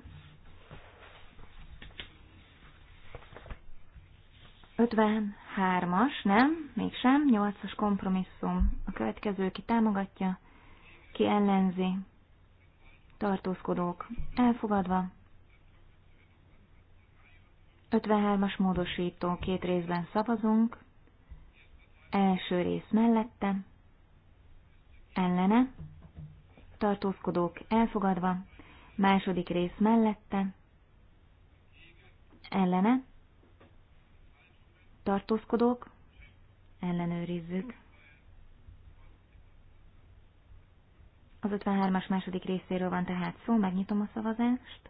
53-as, nem, mégsem, 8-as kompromisszum. A következő, ki támogatja, ki ellenzi, tartózkodók, elfogadva. 53-as módosító, két részben szavazunk. Első rész mellette, ellene, tartózkodók, elfogadva. Második rész mellette. Ellene. Tartózkodók. Ellenőrizzük. Az 53-as második részéről van tehát szó, megnyitom a szavazást.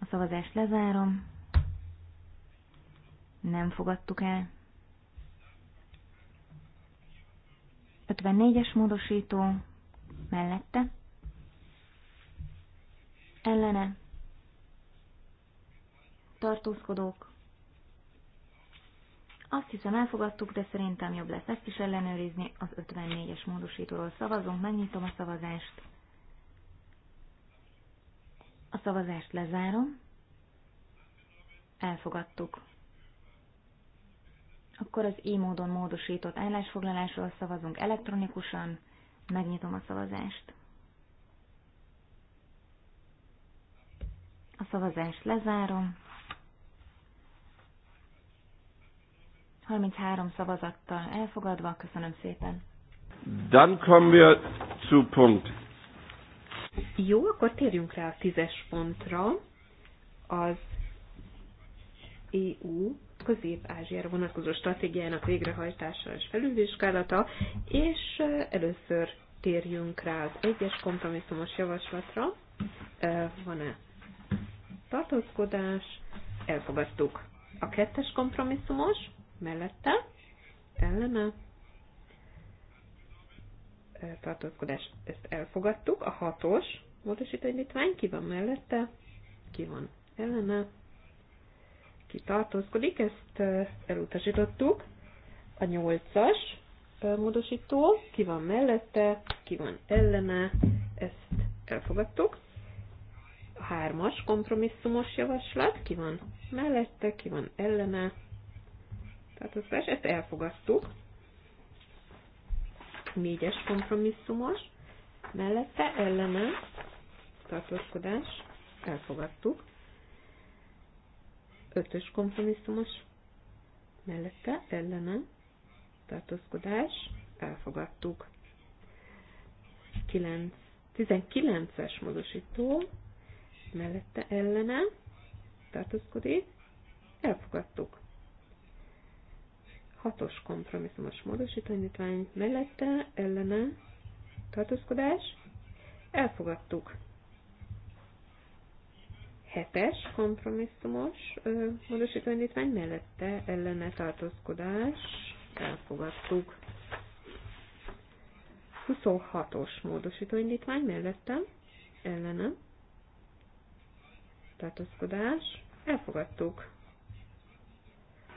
A szavazást lezárom. Nem fogadtuk el. 54-es módosító mellette ellene tartózkodók. Azt hiszem elfogadtuk, de szerintem jobb lesz ezt is ellenőrizni. Az 54-es módosítóról szavazunk, megnyitom a szavazást. A szavazást lezárom. Elfogadtuk. Akkor az így módon módosított állásfoglalásról szavazunk elektronikusan. Megnyitom a szavazást. A szavazást lezárom. 33 szavazattal elfogadva, köszönöm szépen. Dann kommen wir zu Punkt. Jó, akkor térjünk rá a tízes pontra. Az EU Közép-Ázsiára vonatkozó stratégiának végrehajtása és felülvizsgálata, és először térjünk rá az egyes kompromisszumos javaslatra. Van-e tartózkodás, elfogadtuk. A kettes kompromisszumos, mellette, ellene, tartózkodás, ezt elfogadtuk. A hatos módosító indítvány, ki van mellette, ki van ellene, ki tartózkodik, ezt elutasítottuk. A nyolcas módosító, ki van mellette, ki van ellene, ezt elfogadtuk hármas kompromisszumos javaslat, ki van mellette, ki van ellene. Tartózkodás, ezt elfogadtuk. Négyes kompromisszumos, mellette ellene tartózkodás, elfogadtuk. Ötös kompromisszumos, mellette ellene tartózkodás, elfogadtuk. 9, 19-es módosító, mellette ellene tartózkodik, elfogadtuk. Hatos kompromisszumos módosítanítvány mellette ellene tartózkodás, elfogadtuk. Hetes kompromisszumos ö, mellette ellene tartózkodás, elfogadtuk. 26-os módosítóindítvány mellettem, ellenem, tartózkodás, elfogadtuk.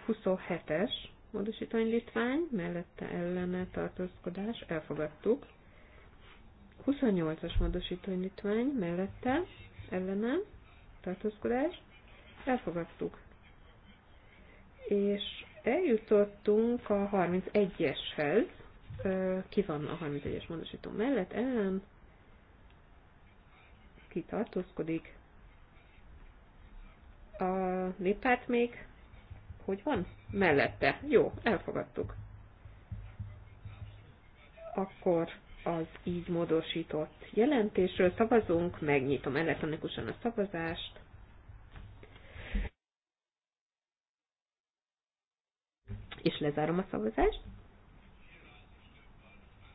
27-es módosítanylítvány, mellette ellene tartózkodás, elfogadtuk. 28-as módosítanylítvány, mellette ellene tartózkodás, elfogadtuk. És eljutottunk a 31-eshez, ki van a 31-es módosító mellett, ellen, ki tartózkodik, a néppárt még? Hogy van? Mellette. Jó, elfogadtuk. Akkor az így módosított jelentésről szavazunk, megnyitom elektronikusan a szavazást. És lezárom a szavazást.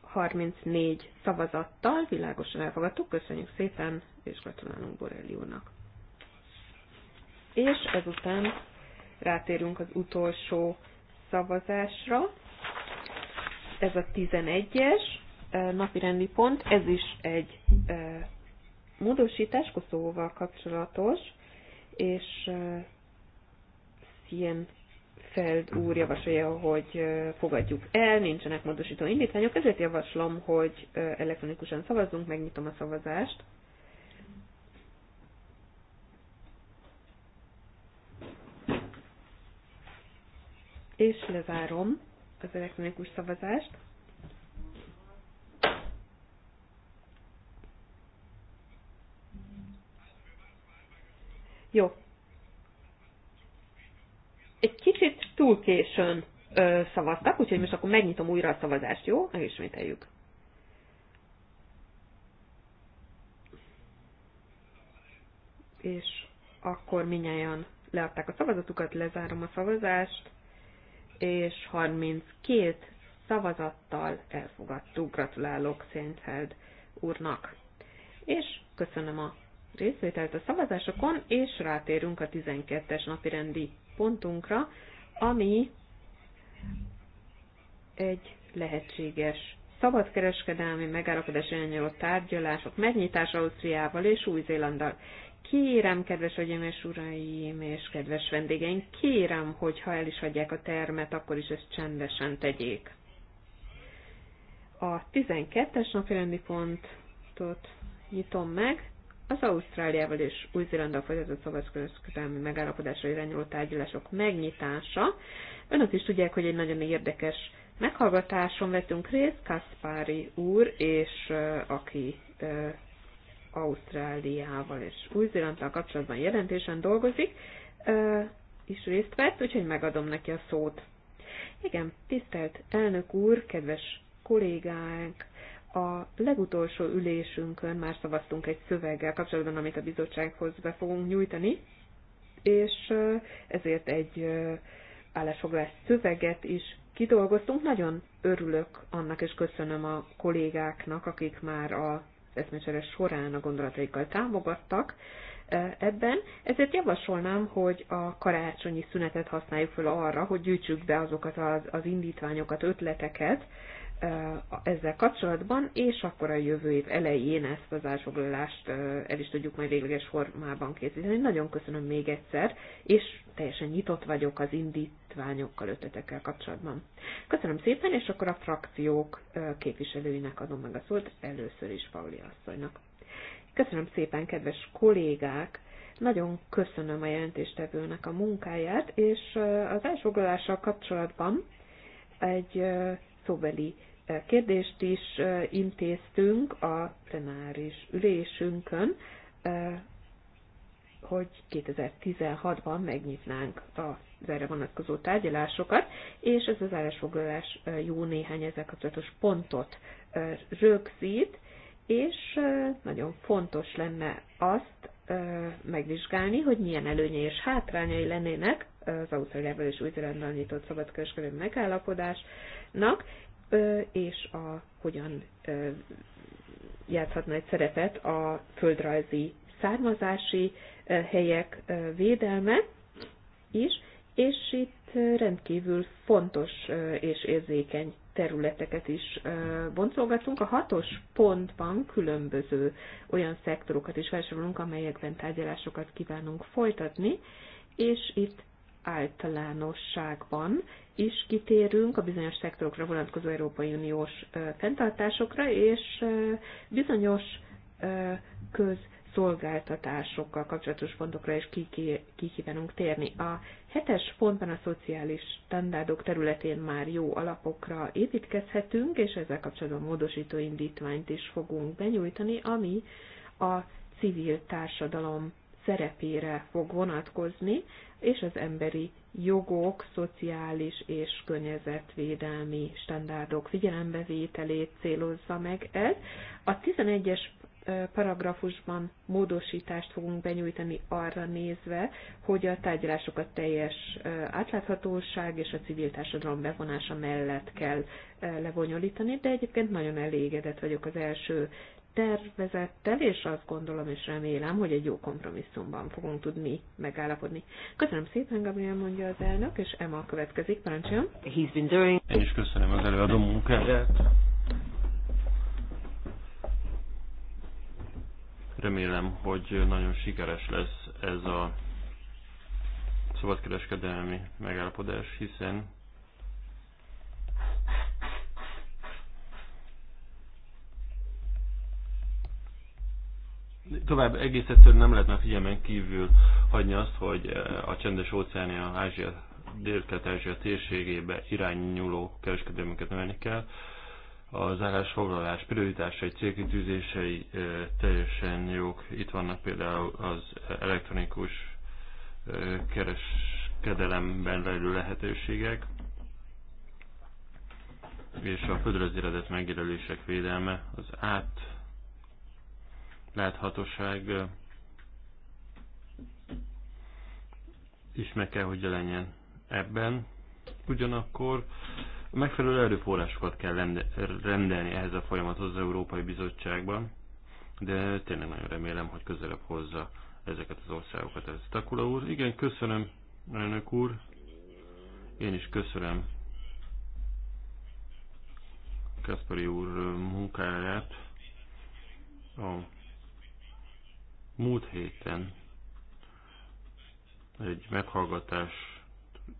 34 szavazattal világosan elfogadtuk. Köszönjük szépen, és gratulálunk Borelli és ezután rátérünk az utolsó szavazásra. Ez a 11-es eh, napirendi pont, ez is egy eh, módosítás Koszovóval kapcsolatos, és eh, ilyen Feld úr javasolja, hogy fogadjuk el, nincsenek módosító indítványok, ezért javaslom, hogy elektronikusan szavazzunk, megnyitom a szavazást. és lezárom az elektronikus szavazást. Jó. Egy kicsit túl későn ö, szavaztak, úgyhogy most akkor megnyitom újra a szavazást, jó? Megismételjük. És akkor minnyáján leadták a szavazatukat, lezárom a szavazást és 32 szavazattal elfogadtuk. Gratulálok Szentfeld úrnak. És köszönöm a részvételt a szavazásokon, és rátérünk a 12-es napirendi pontunkra, ami egy lehetséges szabadkereskedelmi megállapodás irányuló tárgyalások megnyitása Ausztriával és Új-Zélanddal. Kérem, kedves hölgyeim és uraim, és kedves vendégeim, kérem, hogy ha el is hagyják a termet, akkor is ezt csendesen tegyék. A 12-es napi rendi pontot nyitom meg, az Ausztráliával és Új-Zélanddal folytatott szabadkereskedelmi megállapodásra irányuló tárgyalások megnyitása. Önök is tudják, hogy egy nagyon érdekes meghallgatáson vettünk részt, Kaspári úr, és aki Ausztráliával és Új-Zélandtal kapcsolatban jelentésen dolgozik, is részt vett, úgyhogy megadom neki a szót. Igen, tisztelt elnök úr, kedves kollégák, a legutolsó ülésünkön már szavaztunk egy szöveggel kapcsolatban, amit a bizottsághoz be fogunk nyújtani, és ezért egy állásfoglás szöveget is kidolgoztunk. Nagyon örülök annak, és köszönöm a kollégáknak, akik már a eszmecsere során a gondolataikkal támogattak e, ebben, ezért javasolnám, hogy a karácsonyi szünetet használjuk fel arra, hogy gyűjtsük be azokat az, az indítványokat, ötleteket, ezzel kapcsolatban, és akkor a jövő év elején ezt az elfoglalást el is tudjuk majd végleges formában készíteni. Nagyon köszönöm még egyszer, és teljesen nyitott vagyok az indítványokkal, ötletekkel kapcsolatban. Köszönöm szépen, és akkor a frakciók képviselőinek adom meg a szót, először is Pauli asszonynak. Köszönöm szépen, kedves kollégák! Nagyon köszönöm a jelentéstevőnek a munkáját, és az elfoglalással kapcsolatban egy szóbeli kérdést is intéztünk a plenáris ülésünkön, hogy 2016-ban megnyitnánk az erre vonatkozó tárgyalásokat, és ez az állásfoglalás jó néhány a kapcsolatos pontot rögzít, és nagyon fontos lenne azt megvizsgálni, hogy milyen előnyei és hátrányai lennének az Ausztráliával és Új-Zélandal nyitott szabadkereskedelmi megállapodásnak, és a hogyan játszhatna egy szerepet a földrajzi származási helyek védelme is, és itt rendkívül fontos és érzékeny területeket is boncolgatunk. A hatos pontban különböző olyan szektorokat is felsorolunk, amelyekben tárgyalásokat kívánunk folytatni, és itt általánosságban is kitérünk a bizonyos szektorokra vonatkozó Európai Uniós fenntartásokra, és bizonyos közszolgáltatásokkal kapcsolatos pontokra is kikívánunk térni. A hetes pontban a szociális standardok területén már jó alapokra építkezhetünk, és ezzel kapcsolatban módosító indítványt is fogunk benyújtani, ami a civil társadalom szerepére fog vonatkozni, és az emberi jogok, szociális és környezetvédelmi standardok figyelembevételét célozza meg ez. A 11-es paragrafusban módosítást fogunk benyújtani arra nézve, hogy a tárgyalásokat teljes átláthatóság és a civil társadalom bevonása mellett kell lebonyolítani, de egyébként nagyon elégedett vagyok az első tervezettel, és azt gondolom és remélem, hogy egy jó kompromisszumban fogunk tudni megállapodni. Köszönöm szépen, Gabriel mondja az elnök, és Emma következik, parancsoljon. He's been doing... Én is köszönöm az előadó munkáját. Remélem, hogy nagyon sikeres lesz ez a szabadkereskedelmi megállapodás, hiszen tovább egész egyszerűen nem már figyelmen kívül hagyni azt, hogy eh, a csendes a Ázsia, délkelet ázsia térségébe irányuló kereskedelmünket növelni kell. Az állásfoglalás prioritásai, célkitűzései eh, teljesen jók. Itt vannak például az elektronikus eh, kereskedelemben rejlő lehetőségek, és a földrajzi eredet megjelölések védelme, az át láthatóság is meg kell, hogy jelenjen ebben. Ugyanakkor megfelelő erőforrásokat kell rendelni ehhez a folyamathoz az Európai Bizottságban, de tényleg nagyon remélem, hogy közelebb hozza ezeket az országokat ez. Takula úr, igen, köszönöm, elnök úr, én is köszönöm Kaspari úr munkáját a Múlt héten egy meghallgatást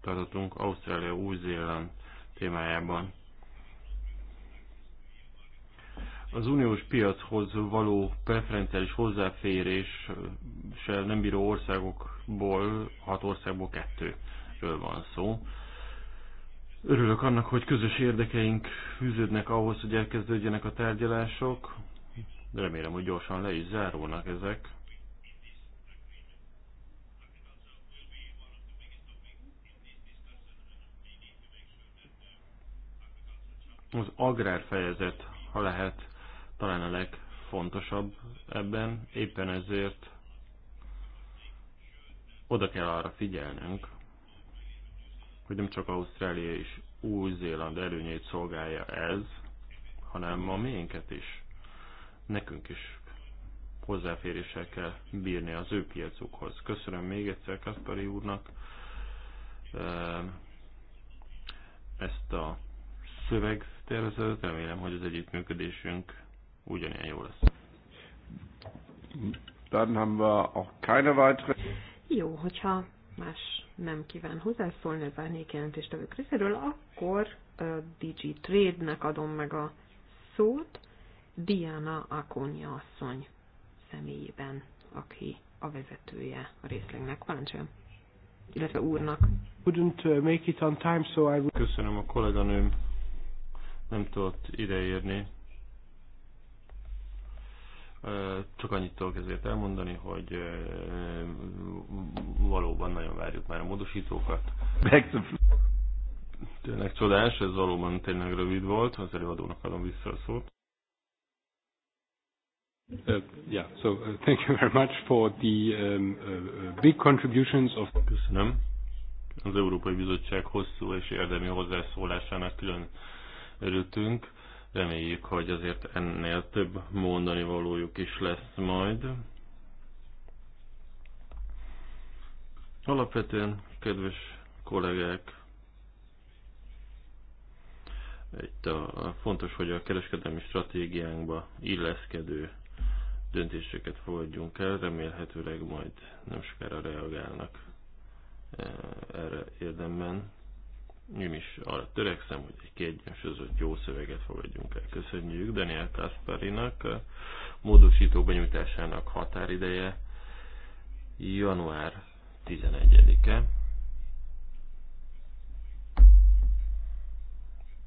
tartottunk Ausztrália, Új-Zéland témájában. Az uniós piachoz való preferenciális hozzáféréssel nem bíró országokból, hat országból kettőről van szó. Örülök annak, hogy közös érdekeink fűződnek ahhoz, hogy elkezdődjenek a tárgyalások. Remélem, hogy gyorsan le is zárulnak ezek. Az agrárfejezet, ha lehet, talán a legfontosabb ebben, éppen ezért oda kell arra figyelnünk, hogy nem csak Ausztrália és Új-Zéland előnyét szolgálja ez, hanem a miénket is. Nekünk is hozzáféréssel kell bírni az ő piacukhoz. Köszönöm még egyszer Kaspari úrnak eh, ezt a szöveg tervezőt. Remélem, hogy az együttműködésünk ugyanilyen jó lesz. Dann haben wir auch keine weitere... Jó, hogyha más nem kíván hozzászólni az árnyékjelentéstevők részéről, akkor uh, DG Trade-nek adom meg a szót Diana Akonya asszony személyében, aki a vezetője a részlegnek. Parancsoljon! illetve úrnak. Uh, make it on time, so I Köszönöm a kolléganőm nem tudott ideérni. Csak annyit tudok ezért elmondani, hogy valóban nagyon várjuk már a módosítókat. Tényleg csodás, ez valóban tényleg rövid volt, az előadónak adom vissza a szót. Uh, yeah, so uh, thank you very much for the um, uh, uh, big contributions of... Köszönöm. Az Európai Bizottság hosszú és érdemi hozzászólásának külön örültünk. Reméljük, hogy azért ennél több mondani valójuk is lesz majd. Alapvetően, kedves kollégák, itt a, fontos, hogy a kereskedelmi stratégiánkba illeszkedő döntéseket fogadjunk el, remélhetőleg majd nem sokára reagálnak eh, erre érdemben. Én is arra törekszem, hogy egy kiegyensúlyozott jó szöveget fogadjunk el. Köszönjük Daniel Kasparinak, módosító benyújtásának határideje január 11-e.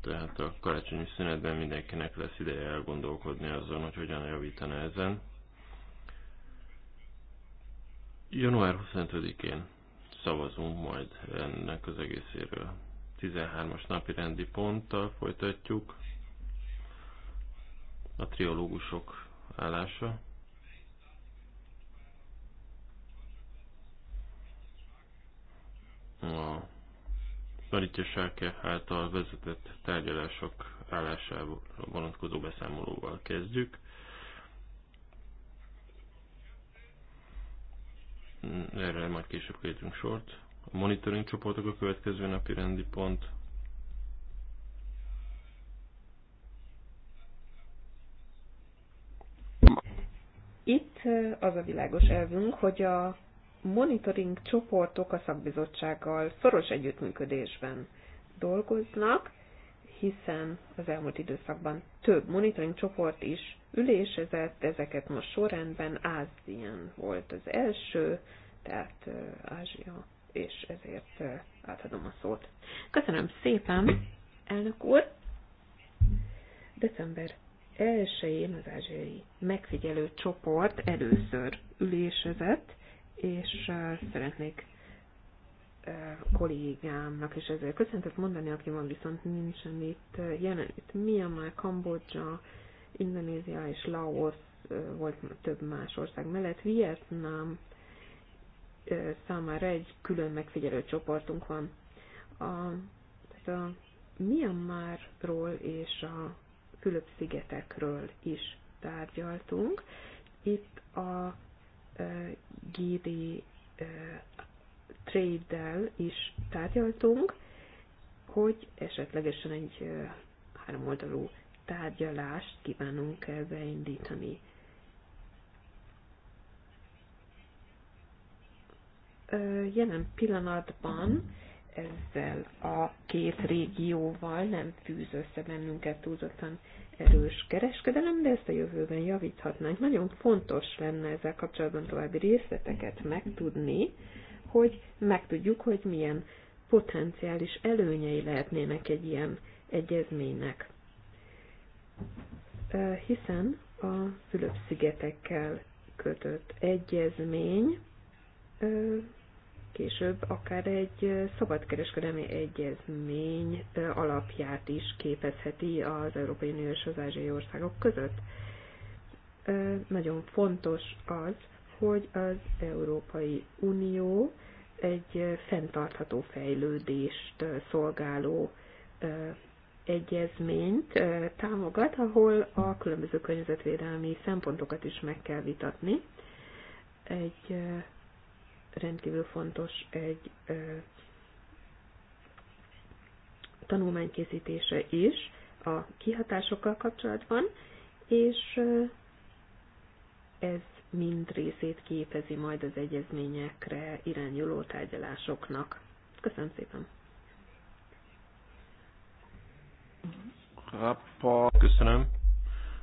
Tehát a karácsonyi szünetben mindenkinek lesz ideje elgondolkodni azon, hogy hogyan javítana ezen. Január 25-én szavazunk majd ennek az egészéről. 13-as napi rendi ponttal folytatjuk. A triológusok állása. A Maritja Sáke által vezetett tárgyalások állásával vonatkozó beszámolóval kezdjük. Erre majd később kérdünk sort. A monitoring csoportok a következő napi rendi pont. Itt az a világos elvünk, hogy a monitoring csoportok a szakbizottsággal szoros együttműködésben dolgoznak, hiszen az elmúlt időszakban több monitoring csoport is ülésezett, ezeket most sorrendben Ázien volt az első, tehát Ázsia és ezért átadom a szót. Köszönöm szépen, elnök úr! December 1-én az ázsiai megfigyelő csoport először ülésezett, és szeretnék kollégámnak is ezzel köszöntet mondani, aki van viszont nincsen itt jelen. Itt Myanmar, Kambodzsa, Indonézia és Laos volt több más ország mellett. Vietnám számára egy külön megfigyelő csoportunk van. A, tehát a Myanmarról és a Fülöp-szigetekről is tárgyaltunk. Itt a e, GD e, Trade-del is tárgyaltunk, hogy esetlegesen egy e, háromoldalú tárgyalást kívánunk beindítani jelen pillanatban ezzel a két régióval nem fűz össze bennünket túlzottan erős kereskedelem, de ezt a jövőben javíthatnánk. Nagyon fontos lenne ezzel kapcsolatban további részleteket megtudni, hogy megtudjuk, hogy milyen potenciális előnyei lehetnének egy ilyen egyezménynek. Hiszen a Fülöp-szigetekkel kötött egyezmény később akár egy szabadkereskedelmi egyezmény alapját is képezheti az Európai Unió és az ázsiai országok között. Nagyon fontos az, hogy az Európai Unió egy fenntartható fejlődést szolgáló egyezményt támogat, ahol a különböző környezetvédelmi szempontokat is meg kell vitatni. Egy rendkívül fontos egy tanulmány készítése is a kihatásokkal kapcsolatban, és ez mind részét képezi majd az egyezményekre irányuló tárgyalásoknak. Köszönöm szépen! Rappa. Köszönöm.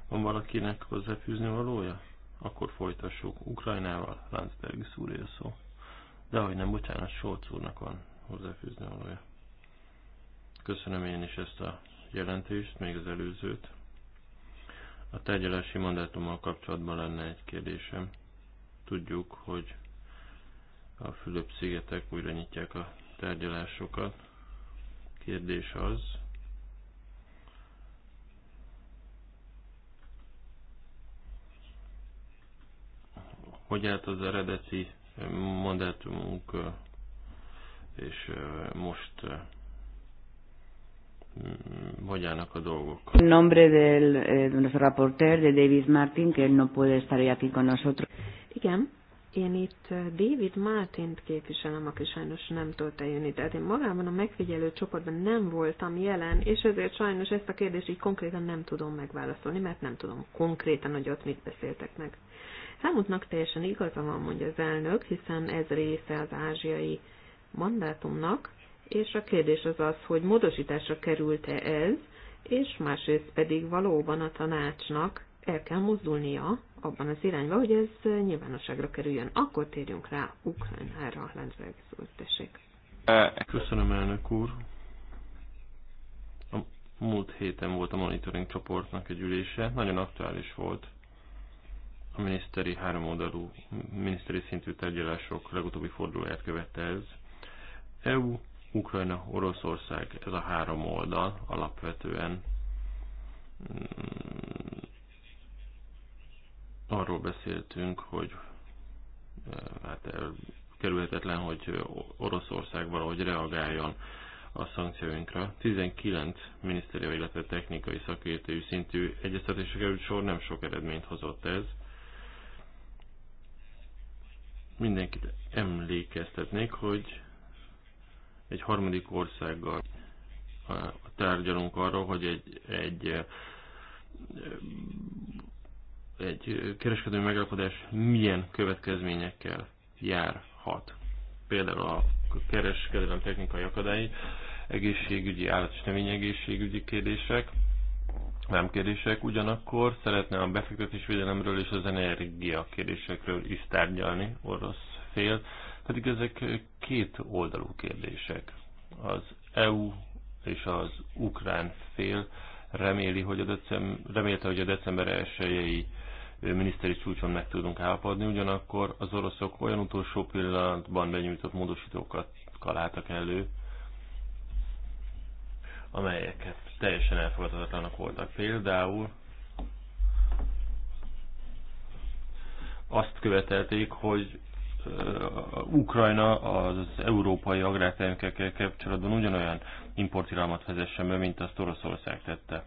Van valakinek hozzáfűzni valója? Akkor folytassuk. Ukrajnával Lánzbergi szúrja szó. De hogy nem, bocsánat, Solc úrnak van hozzáfűzni valója. Köszönöm én is ezt a jelentést, még az előzőt. A tárgyalási mandátummal kapcsolatban lenne egy kérdésem. Tudjuk, hogy a Fülöp-szigetek újra nyitják a tárgyalásokat. Kérdés az, hogy állt az eredeti mandátumunk, és most hogy állnak a dolgok. Nombre del eh, nuestro reporter, de David Martin, que él no puede estar aquí con nosotros. Igen, én itt eh, David Martint képviselem, aki sajnos nem tudta jönni, tehát én magában a megfigyelő csoportban nem voltam jelen, és ezért sajnos ezt a kérdést így konkrétan nem tudom megválaszolni, mert nem tudom konkrétan, hogy ott mit beszéltek meg. Számuknak teljesen igaza van, mondja az elnök, hiszen ez része az ázsiai mandátumnak, és a kérdés az az, hogy módosításra került-e ez, és másrészt pedig valóban a tanácsnak el kell mozdulnia abban az irányba, hogy ez nyilvánosságra kerüljön. Akkor térjünk rá Ukrajnára, Lenzberg úr, tessék. Köszönöm, elnök úr. A múlt héten volt a monitoring csoportnak egy ülése, nagyon aktuális volt. A miniszteri háromoldalú, miniszteri szintű tárgyalások legutóbbi fordulóját követte ez. EU, Ukrajna, Oroszország, ez a három oldal alapvetően mm, arról beszéltünk, hogy e, hát kerülhetetlen, hogy Oroszország valahogy reagáljon a szankcióinkra. 19 miniszteri, illetve technikai szakértői szintű egyeztetésre került sor, nem sok eredményt hozott ez. Mindenkit emlékeztetnék, hogy egy harmadik országgal tárgyalunk arról, hogy egy, egy, egy kereskedő megállapodás milyen következményekkel járhat. Például a kereskedelem technikai akadályi, egészségügyi, állat és egészségügyi kérdések, nem kérdések, ugyanakkor szeretne a befektetésvédelemről és az energia kérdésekről is tárgyalni orosz fél, pedig ezek két oldalú kérdések. Az EU és az ukrán fél reméli, hogy a decem, remélte, hogy a december 1 miniszteri csúcson meg tudunk állapodni, ugyanakkor az oroszok olyan utolsó pillanatban benyújtott módosítókat kaláltak elő, amelyeket teljesen elfogadhatatlanak voltak. Például azt követelték, hogy Ukrajna az európai agrártermékekkel kapcsolatban ugyanolyan importiralmat vezessen be, mint azt Oroszország tette.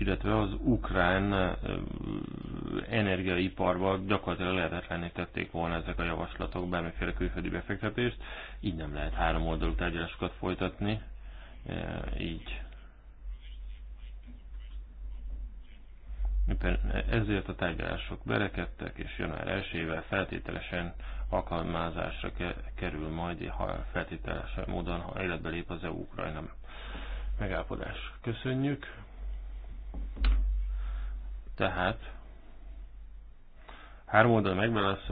illetve az ukrán energiaiparba gyakorlatilag lehetetlené tették volna ezek a javaslatok bármiféle külföldi befektetést, így nem lehet három oldalú tárgyalásokat folytatni, így. Éppen ezért a tárgyalások berekedtek, és január 1-ével feltételesen alkalmazásra kerül majd, ha feltételesen módon ha életbe lép az EU-Ukrajna megállapodás. Köszönjük! Tehát háromoldalú megválasz,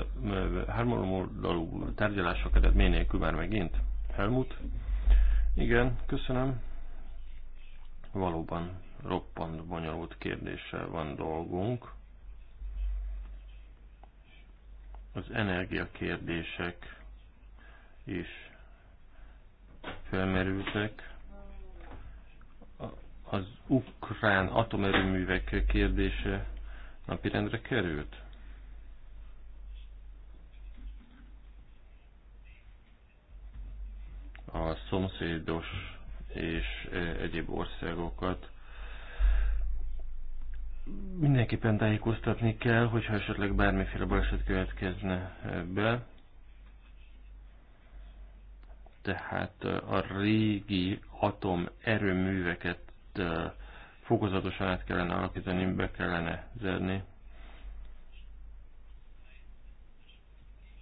háromoldalú tárgyalások eredmény nélkül már megint. Helmut? Igen, köszönöm. Valóban roppant bonyolult kérdéssel van dolgunk. Az energiakérdések is felmerültek az ukrán atomerőművek kérdése napirendre került? A szomszédos és e, egyéb országokat mindenképpen tájékoztatni kell, hogyha esetleg bármiféle baleset következne e, be. Tehát e, a régi atomerőműveket fokozatosan át kellene alakítani, be kellene zerni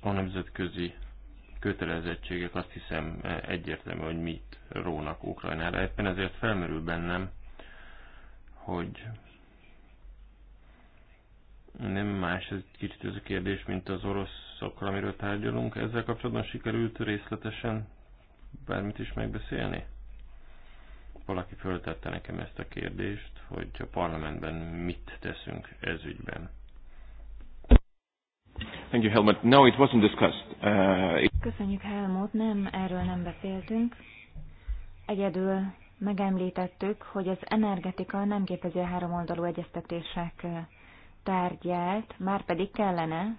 a nemzetközi kötelezettségek azt hiszem egyértelmű, hogy mit rónak Ukrajnára. Éppen ezért felmerül bennem, hogy nem más ez kicsit ez a kérdés, mint az oroszokkal, amiről tárgyalunk. Ezzel kapcsolatban sikerült részletesen bármit is megbeszélni? Valaki föltette nekem ezt a kérdést, hogy a parlamentben mit teszünk ez ügyben. Thank you, Helmut. No, it wasn't discussed. Uh, it... Köszönjük, Helmut. Nem, erről nem beszéltünk. Egyedül megemlítettük, hogy az energetika nem képezi a háromoldalú egyeztetések uh, tárgyát, már pedig kellene.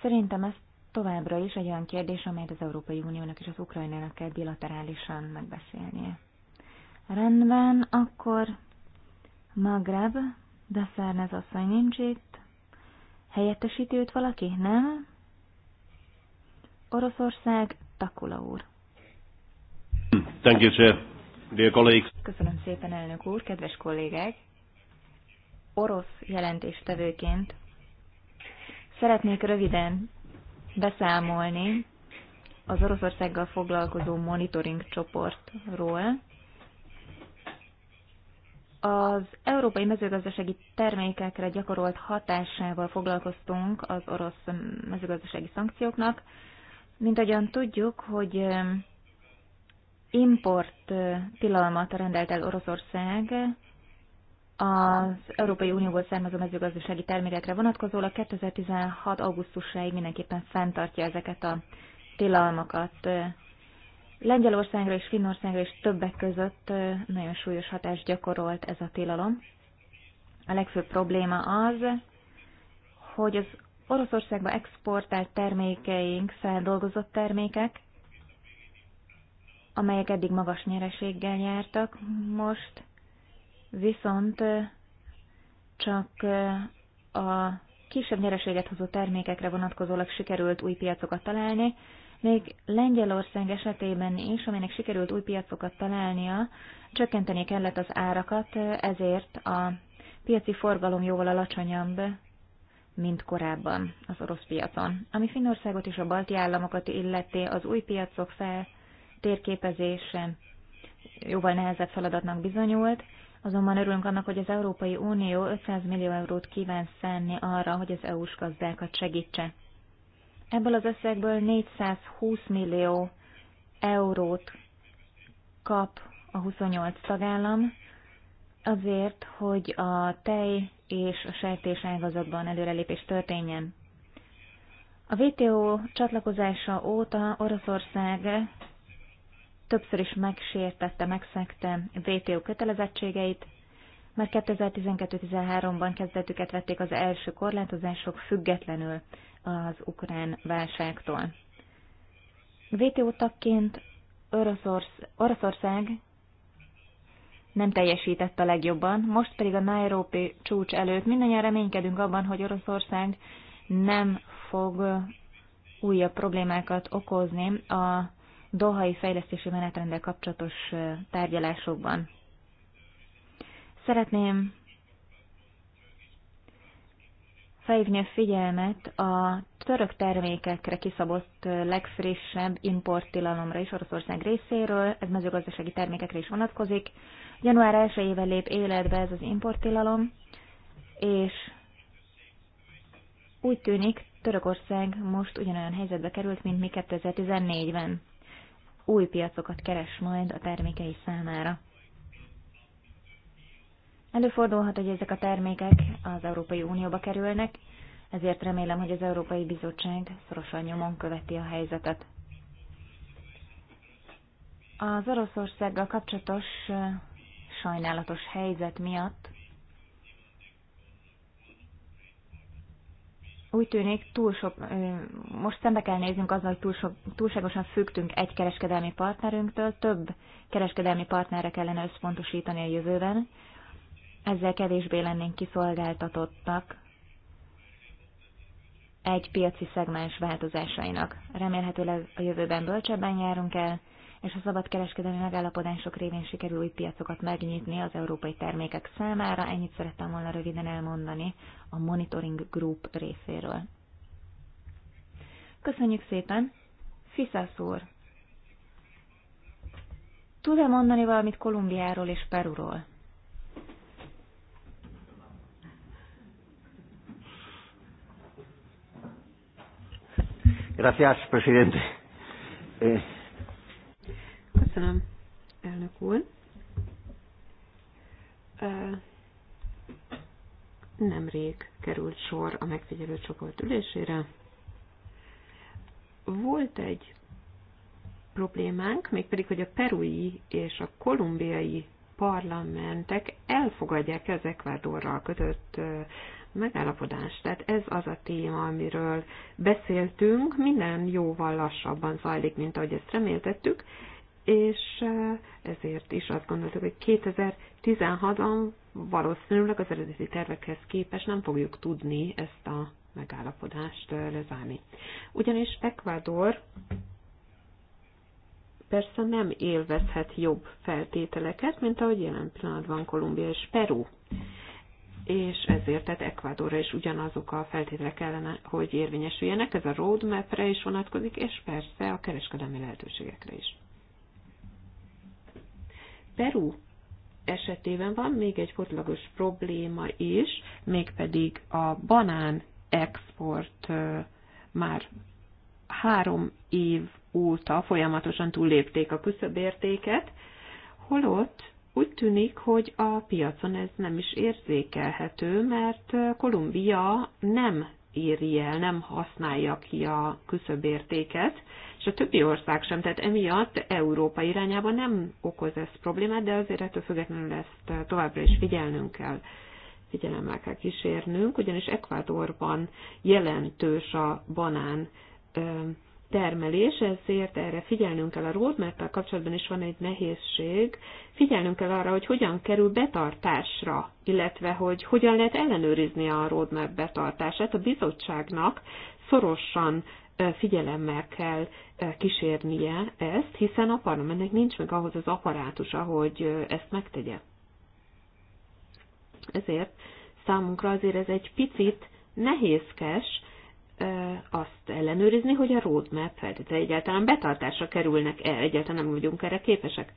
Szerintem ezt továbbra is egy olyan kérdés, amelyet az Európai Uniónak és az Ukrajnának kell bilaterálisan megbeszélnie. Rendben, akkor Magreb, de Szárnez asszony nincs itt. Helyettesíti őt valaki? Nem? Oroszország, Takula úr. Thank you, sir. Dear colleagues. Köszönöm szépen, elnök úr, kedves kollégák. Orosz jelentéstevőként szeretnék röviden beszámolni az Oroszországgal foglalkozó monitoring csoportról. Az európai mezőgazdasági termékekre gyakorolt hatásával foglalkoztunk az orosz mezőgazdasági szankcióknak. Mint ahogyan tudjuk, hogy eh, import eh, tilalmat rendelt el Oroszország az Európai Unióból származó mezőgazdasági termékekre vonatkozólag 2016. augusztusáig mindenképpen fenntartja ezeket a tilalmakat. Lengyelországra és Finnországra és többek között nagyon súlyos hatást gyakorolt ez a tilalom. A legfőbb probléma az, hogy az Oroszországba exportált termékeink feldolgozott termékek, amelyek eddig magas nyereséggel jártak, most viszont csak a kisebb nyereséget hozó termékekre vonatkozólag sikerült új piacokat találni, még Lengyelország esetében is, aminek sikerült új piacokat találnia, csökkenteni kellett az árakat, ezért a piaci forgalom jóval alacsonyabb, mint korábban az orosz piacon. Ami Finnországot és a balti államokat illeti, az új piacok fel térképezése jóval nehezebb feladatnak bizonyult, Azonban örülünk annak, hogy az Európai Unió 500 millió eurót kíván szenni arra, hogy az EU-s gazdákat segítse. Ebből az összegből 420 millió eurót kap a 28 tagállam, azért, hogy a tej és a sertés ágazatban előrelépés történjen. A WTO csatlakozása óta Oroszország többször is megsértette, megszegte WTO kötelezettségeit, mert 2012-13-ban kezdetüket vették az első korlátozások függetlenül az ukrán válságtól. WTO tagként Oroszorsz, Oroszország nem teljesített a legjobban, most pedig a Nairobi csúcs előtt mindannyian reménykedünk abban, hogy Oroszország nem fog újabb problémákat okozni a Dohai fejlesztési menetrendel kapcsolatos tárgyalásokban. Szeretném felhívni a figyelmet a török termékekre kiszabott legfrissebb importtilalomra is Oroszország részéről, ez mezőgazdasági termékekre is vonatkozik. Január 1 éve lép életbe ez az importtilalom, és úgy tűnik, Törökország most ugyanolyan helyzetbe került, mint mi 2014-ben új piacokat keres majd a termékei számára. Előfordulhat, hogy ezek a termékek az Európai Unióba kerülnek, ezért remélem, hogy az Európai Bizottság szorosan nyomon követi a helyzetet. Az Oroszországgal kapcsolatos sajnálatos helyzet miatt úgy tűnik, túl sok, most szembe kell néznünk azzal, hogy túl sok, túlságosan függtünk egy kereskedelmi partnerünktől, több kereskedelmi partnerre kellene összpontosítani a jövőben, ezzel kevésbé lennénk kiszolgáltatottak egy piaci szegmens változásainak. Remélhetőleg a jövőben bölcsebben járunk el, és a szabadkereskedelmi megállapodások révén sikerül új piacokat megnyitni az európai termékek számára. Ennyit szerettem volna röviden elmondani a Monitoring Group részéről. Köszönjük szépen! Fiszász úr! Tud-e mondani valamit Kolumbiáról és Peruról? Gracias, presidente. Eh, Köszönöm, elnök úr. Nemrég került sor a megfigyelő csoport ülésére. Volt egy problémánk, mégpedig, hogy a perui és a kolumbiai parlamentek elfogadják az Ekvádorral kötött megállapodást. Tehát ez az a téma, amiről beszéltünk, minden jóval lassabban zajlik, mint ahogy ezt reméltettük, és ezért is azt gondoltuk, hogy 2016-ban valószínűleg az eredeti tervekhez képest nem fogjuk tudni ezt a megállapodást lezárni. Ugyanis Ecuador persze nem élvezhet jobb feltételeket, mint ahogy jelen pillanatban Kolumbia és Peru. És ezért tehát Ecuadorra is ugyanazok a feltételek kellene, hogy érvényesüljenek. Ez a roadmapre is vonatkozik, és persze a kereskedelmi lehetőségekre is. Peru esetében van még egy fordulagos probléma is, mégpedig a banán export már három év óta folyamatosan túllépték a küszöbértéket, holott úgy tűnik, hogy a piacon ez nem is érzékelhető, mert Kolumbia nem éri el, nem használja ki a küszöbértéket, és a többi ország sem, tehát emiatt Európa irányába nem okoz ez problémát, de azért ettől függetlenül ezt eh, továbbra is figyelnünk kell figyelemmel kell kísérnünk, ugyanis Ekvádorban jelentős a banán eh, termelés, ezért erre figyelnünk kell a rót, mert a kapcsolatban is van egy nehézség. Figyelnünk kell arra, hogy hogyan kerül betartásra, illetve hogy hogyan lehet ellenőrizni a roadmap betartását. A bizottságnak szorosan figyelemmel kell kísérnie ezt, hiszen a parlamentnek nincs meg ahhoz az aparátusa, hogy ezt megtegye. Ezért számunkra azért ez egy picit nehézkes azt ellenőrizni, hogy a roadmap feltétele egyáltalán betartásra kerülnek el, egyáltalán nem vagyunk erre képesek.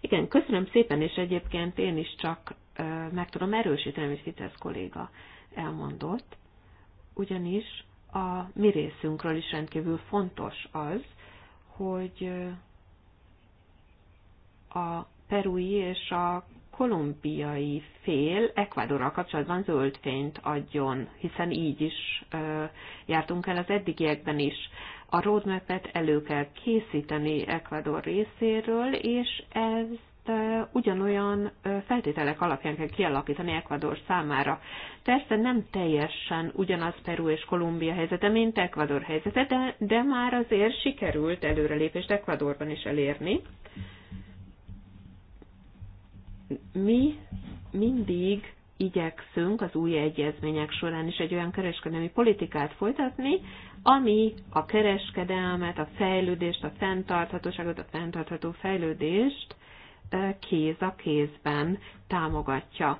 Igen, köszönöm szépen, és egyébként én is csak meg tudom erősíteni, amit Fitesz kolléga elmondott, ugyanis a mi részünkről is rendkívül fontos az, hogy a perui és a kolumbiai fél Ekvádorral kapcsolatban zöld fényt adjon, hiszen így is ö, jártunk el az eddigiekben is. A roadmap-et elő kell készíteni Ekvador részéről, és ezt ugyanolyan feltételek alapján kell kialakítani Ecuador számára. Persze nem teljesen ugyanaz Peru és Kolumbia helyzete, mint Ecuador helyzete, de, de már azért sikerült előrelépést Ecuadorban is elérni. Mi mindig igyekszünk az új egyezmények során is egy olyan kereskedelmi politikát folytatni, ami a kereskedelmet, a fejlődést, a fenntarthatóságot, a fenntartható fejlődést kéz a kézben támogatja.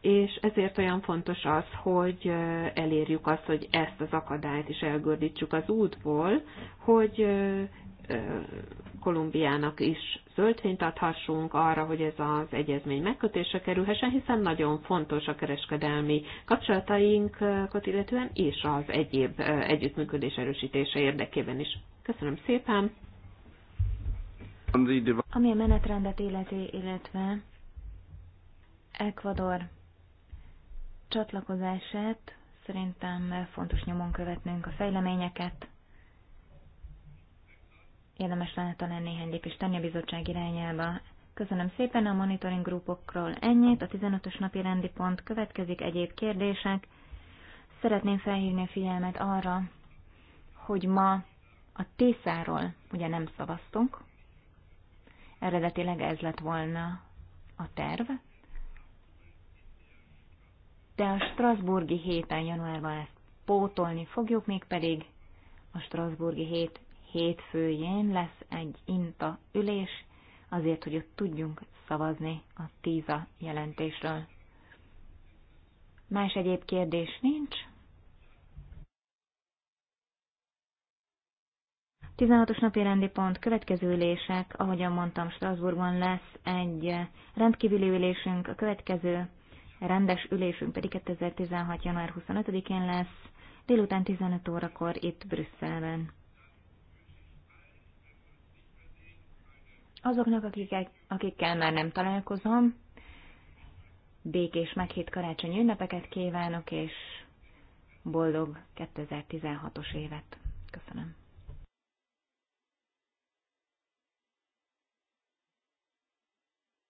És ezért olyan fontos az, hogy elérjük azt, hogy ezt az akadályt is elgördítsük az útból, hogy Kolumbiának is zöldfényt adhassunk arra, hogy ez az egyezmény megkötése kerülhessen, hiszen nagyon fontos a kereskedelmi kapcsolatainkat illetően és az egyéb együttműködés erősítése érdekében is. Köszönöm szépen! Ami a menetrendet életé illetve Ecuador csatlakozását, szerintem fontos nyomon követnünk a fejleményeket. Érdemes lenne talán néhány lépést tenni a bizottság irányába. Köszönöm szépen a monitoring grupokról ennyit, a 15-ös napi rendi pont következik egyéb kérdések. Szeretném felhívni a figyelmet arra, hogy ma a Tészáról ugye nem szavaztunk, Eredetileg ez lett volna a terv. De a Strasburgi héten januárban ezt pótolni fogjuk, mégpedig a Strasburgi hét hétfőjén lesz egy INTA ülés, azért, hogy ott tudjunk szavazni a TISA jelentésről. Más egyéb kérdés nincs, 16-os napi rendi pont, következő ülések, ahogyan mondtam, Strasbourgban lesz egy rendkívüli ülésünk, a következő rendes ülésünk pedig 2016. január 25-én lesz, délután 15 órakor itt Brüsszelben. Azoknak, akik, akikkel már nem találkozom, békés meghét karácsony ünnepeket kívánok, és boldog 2016-os évet. Köszönöm.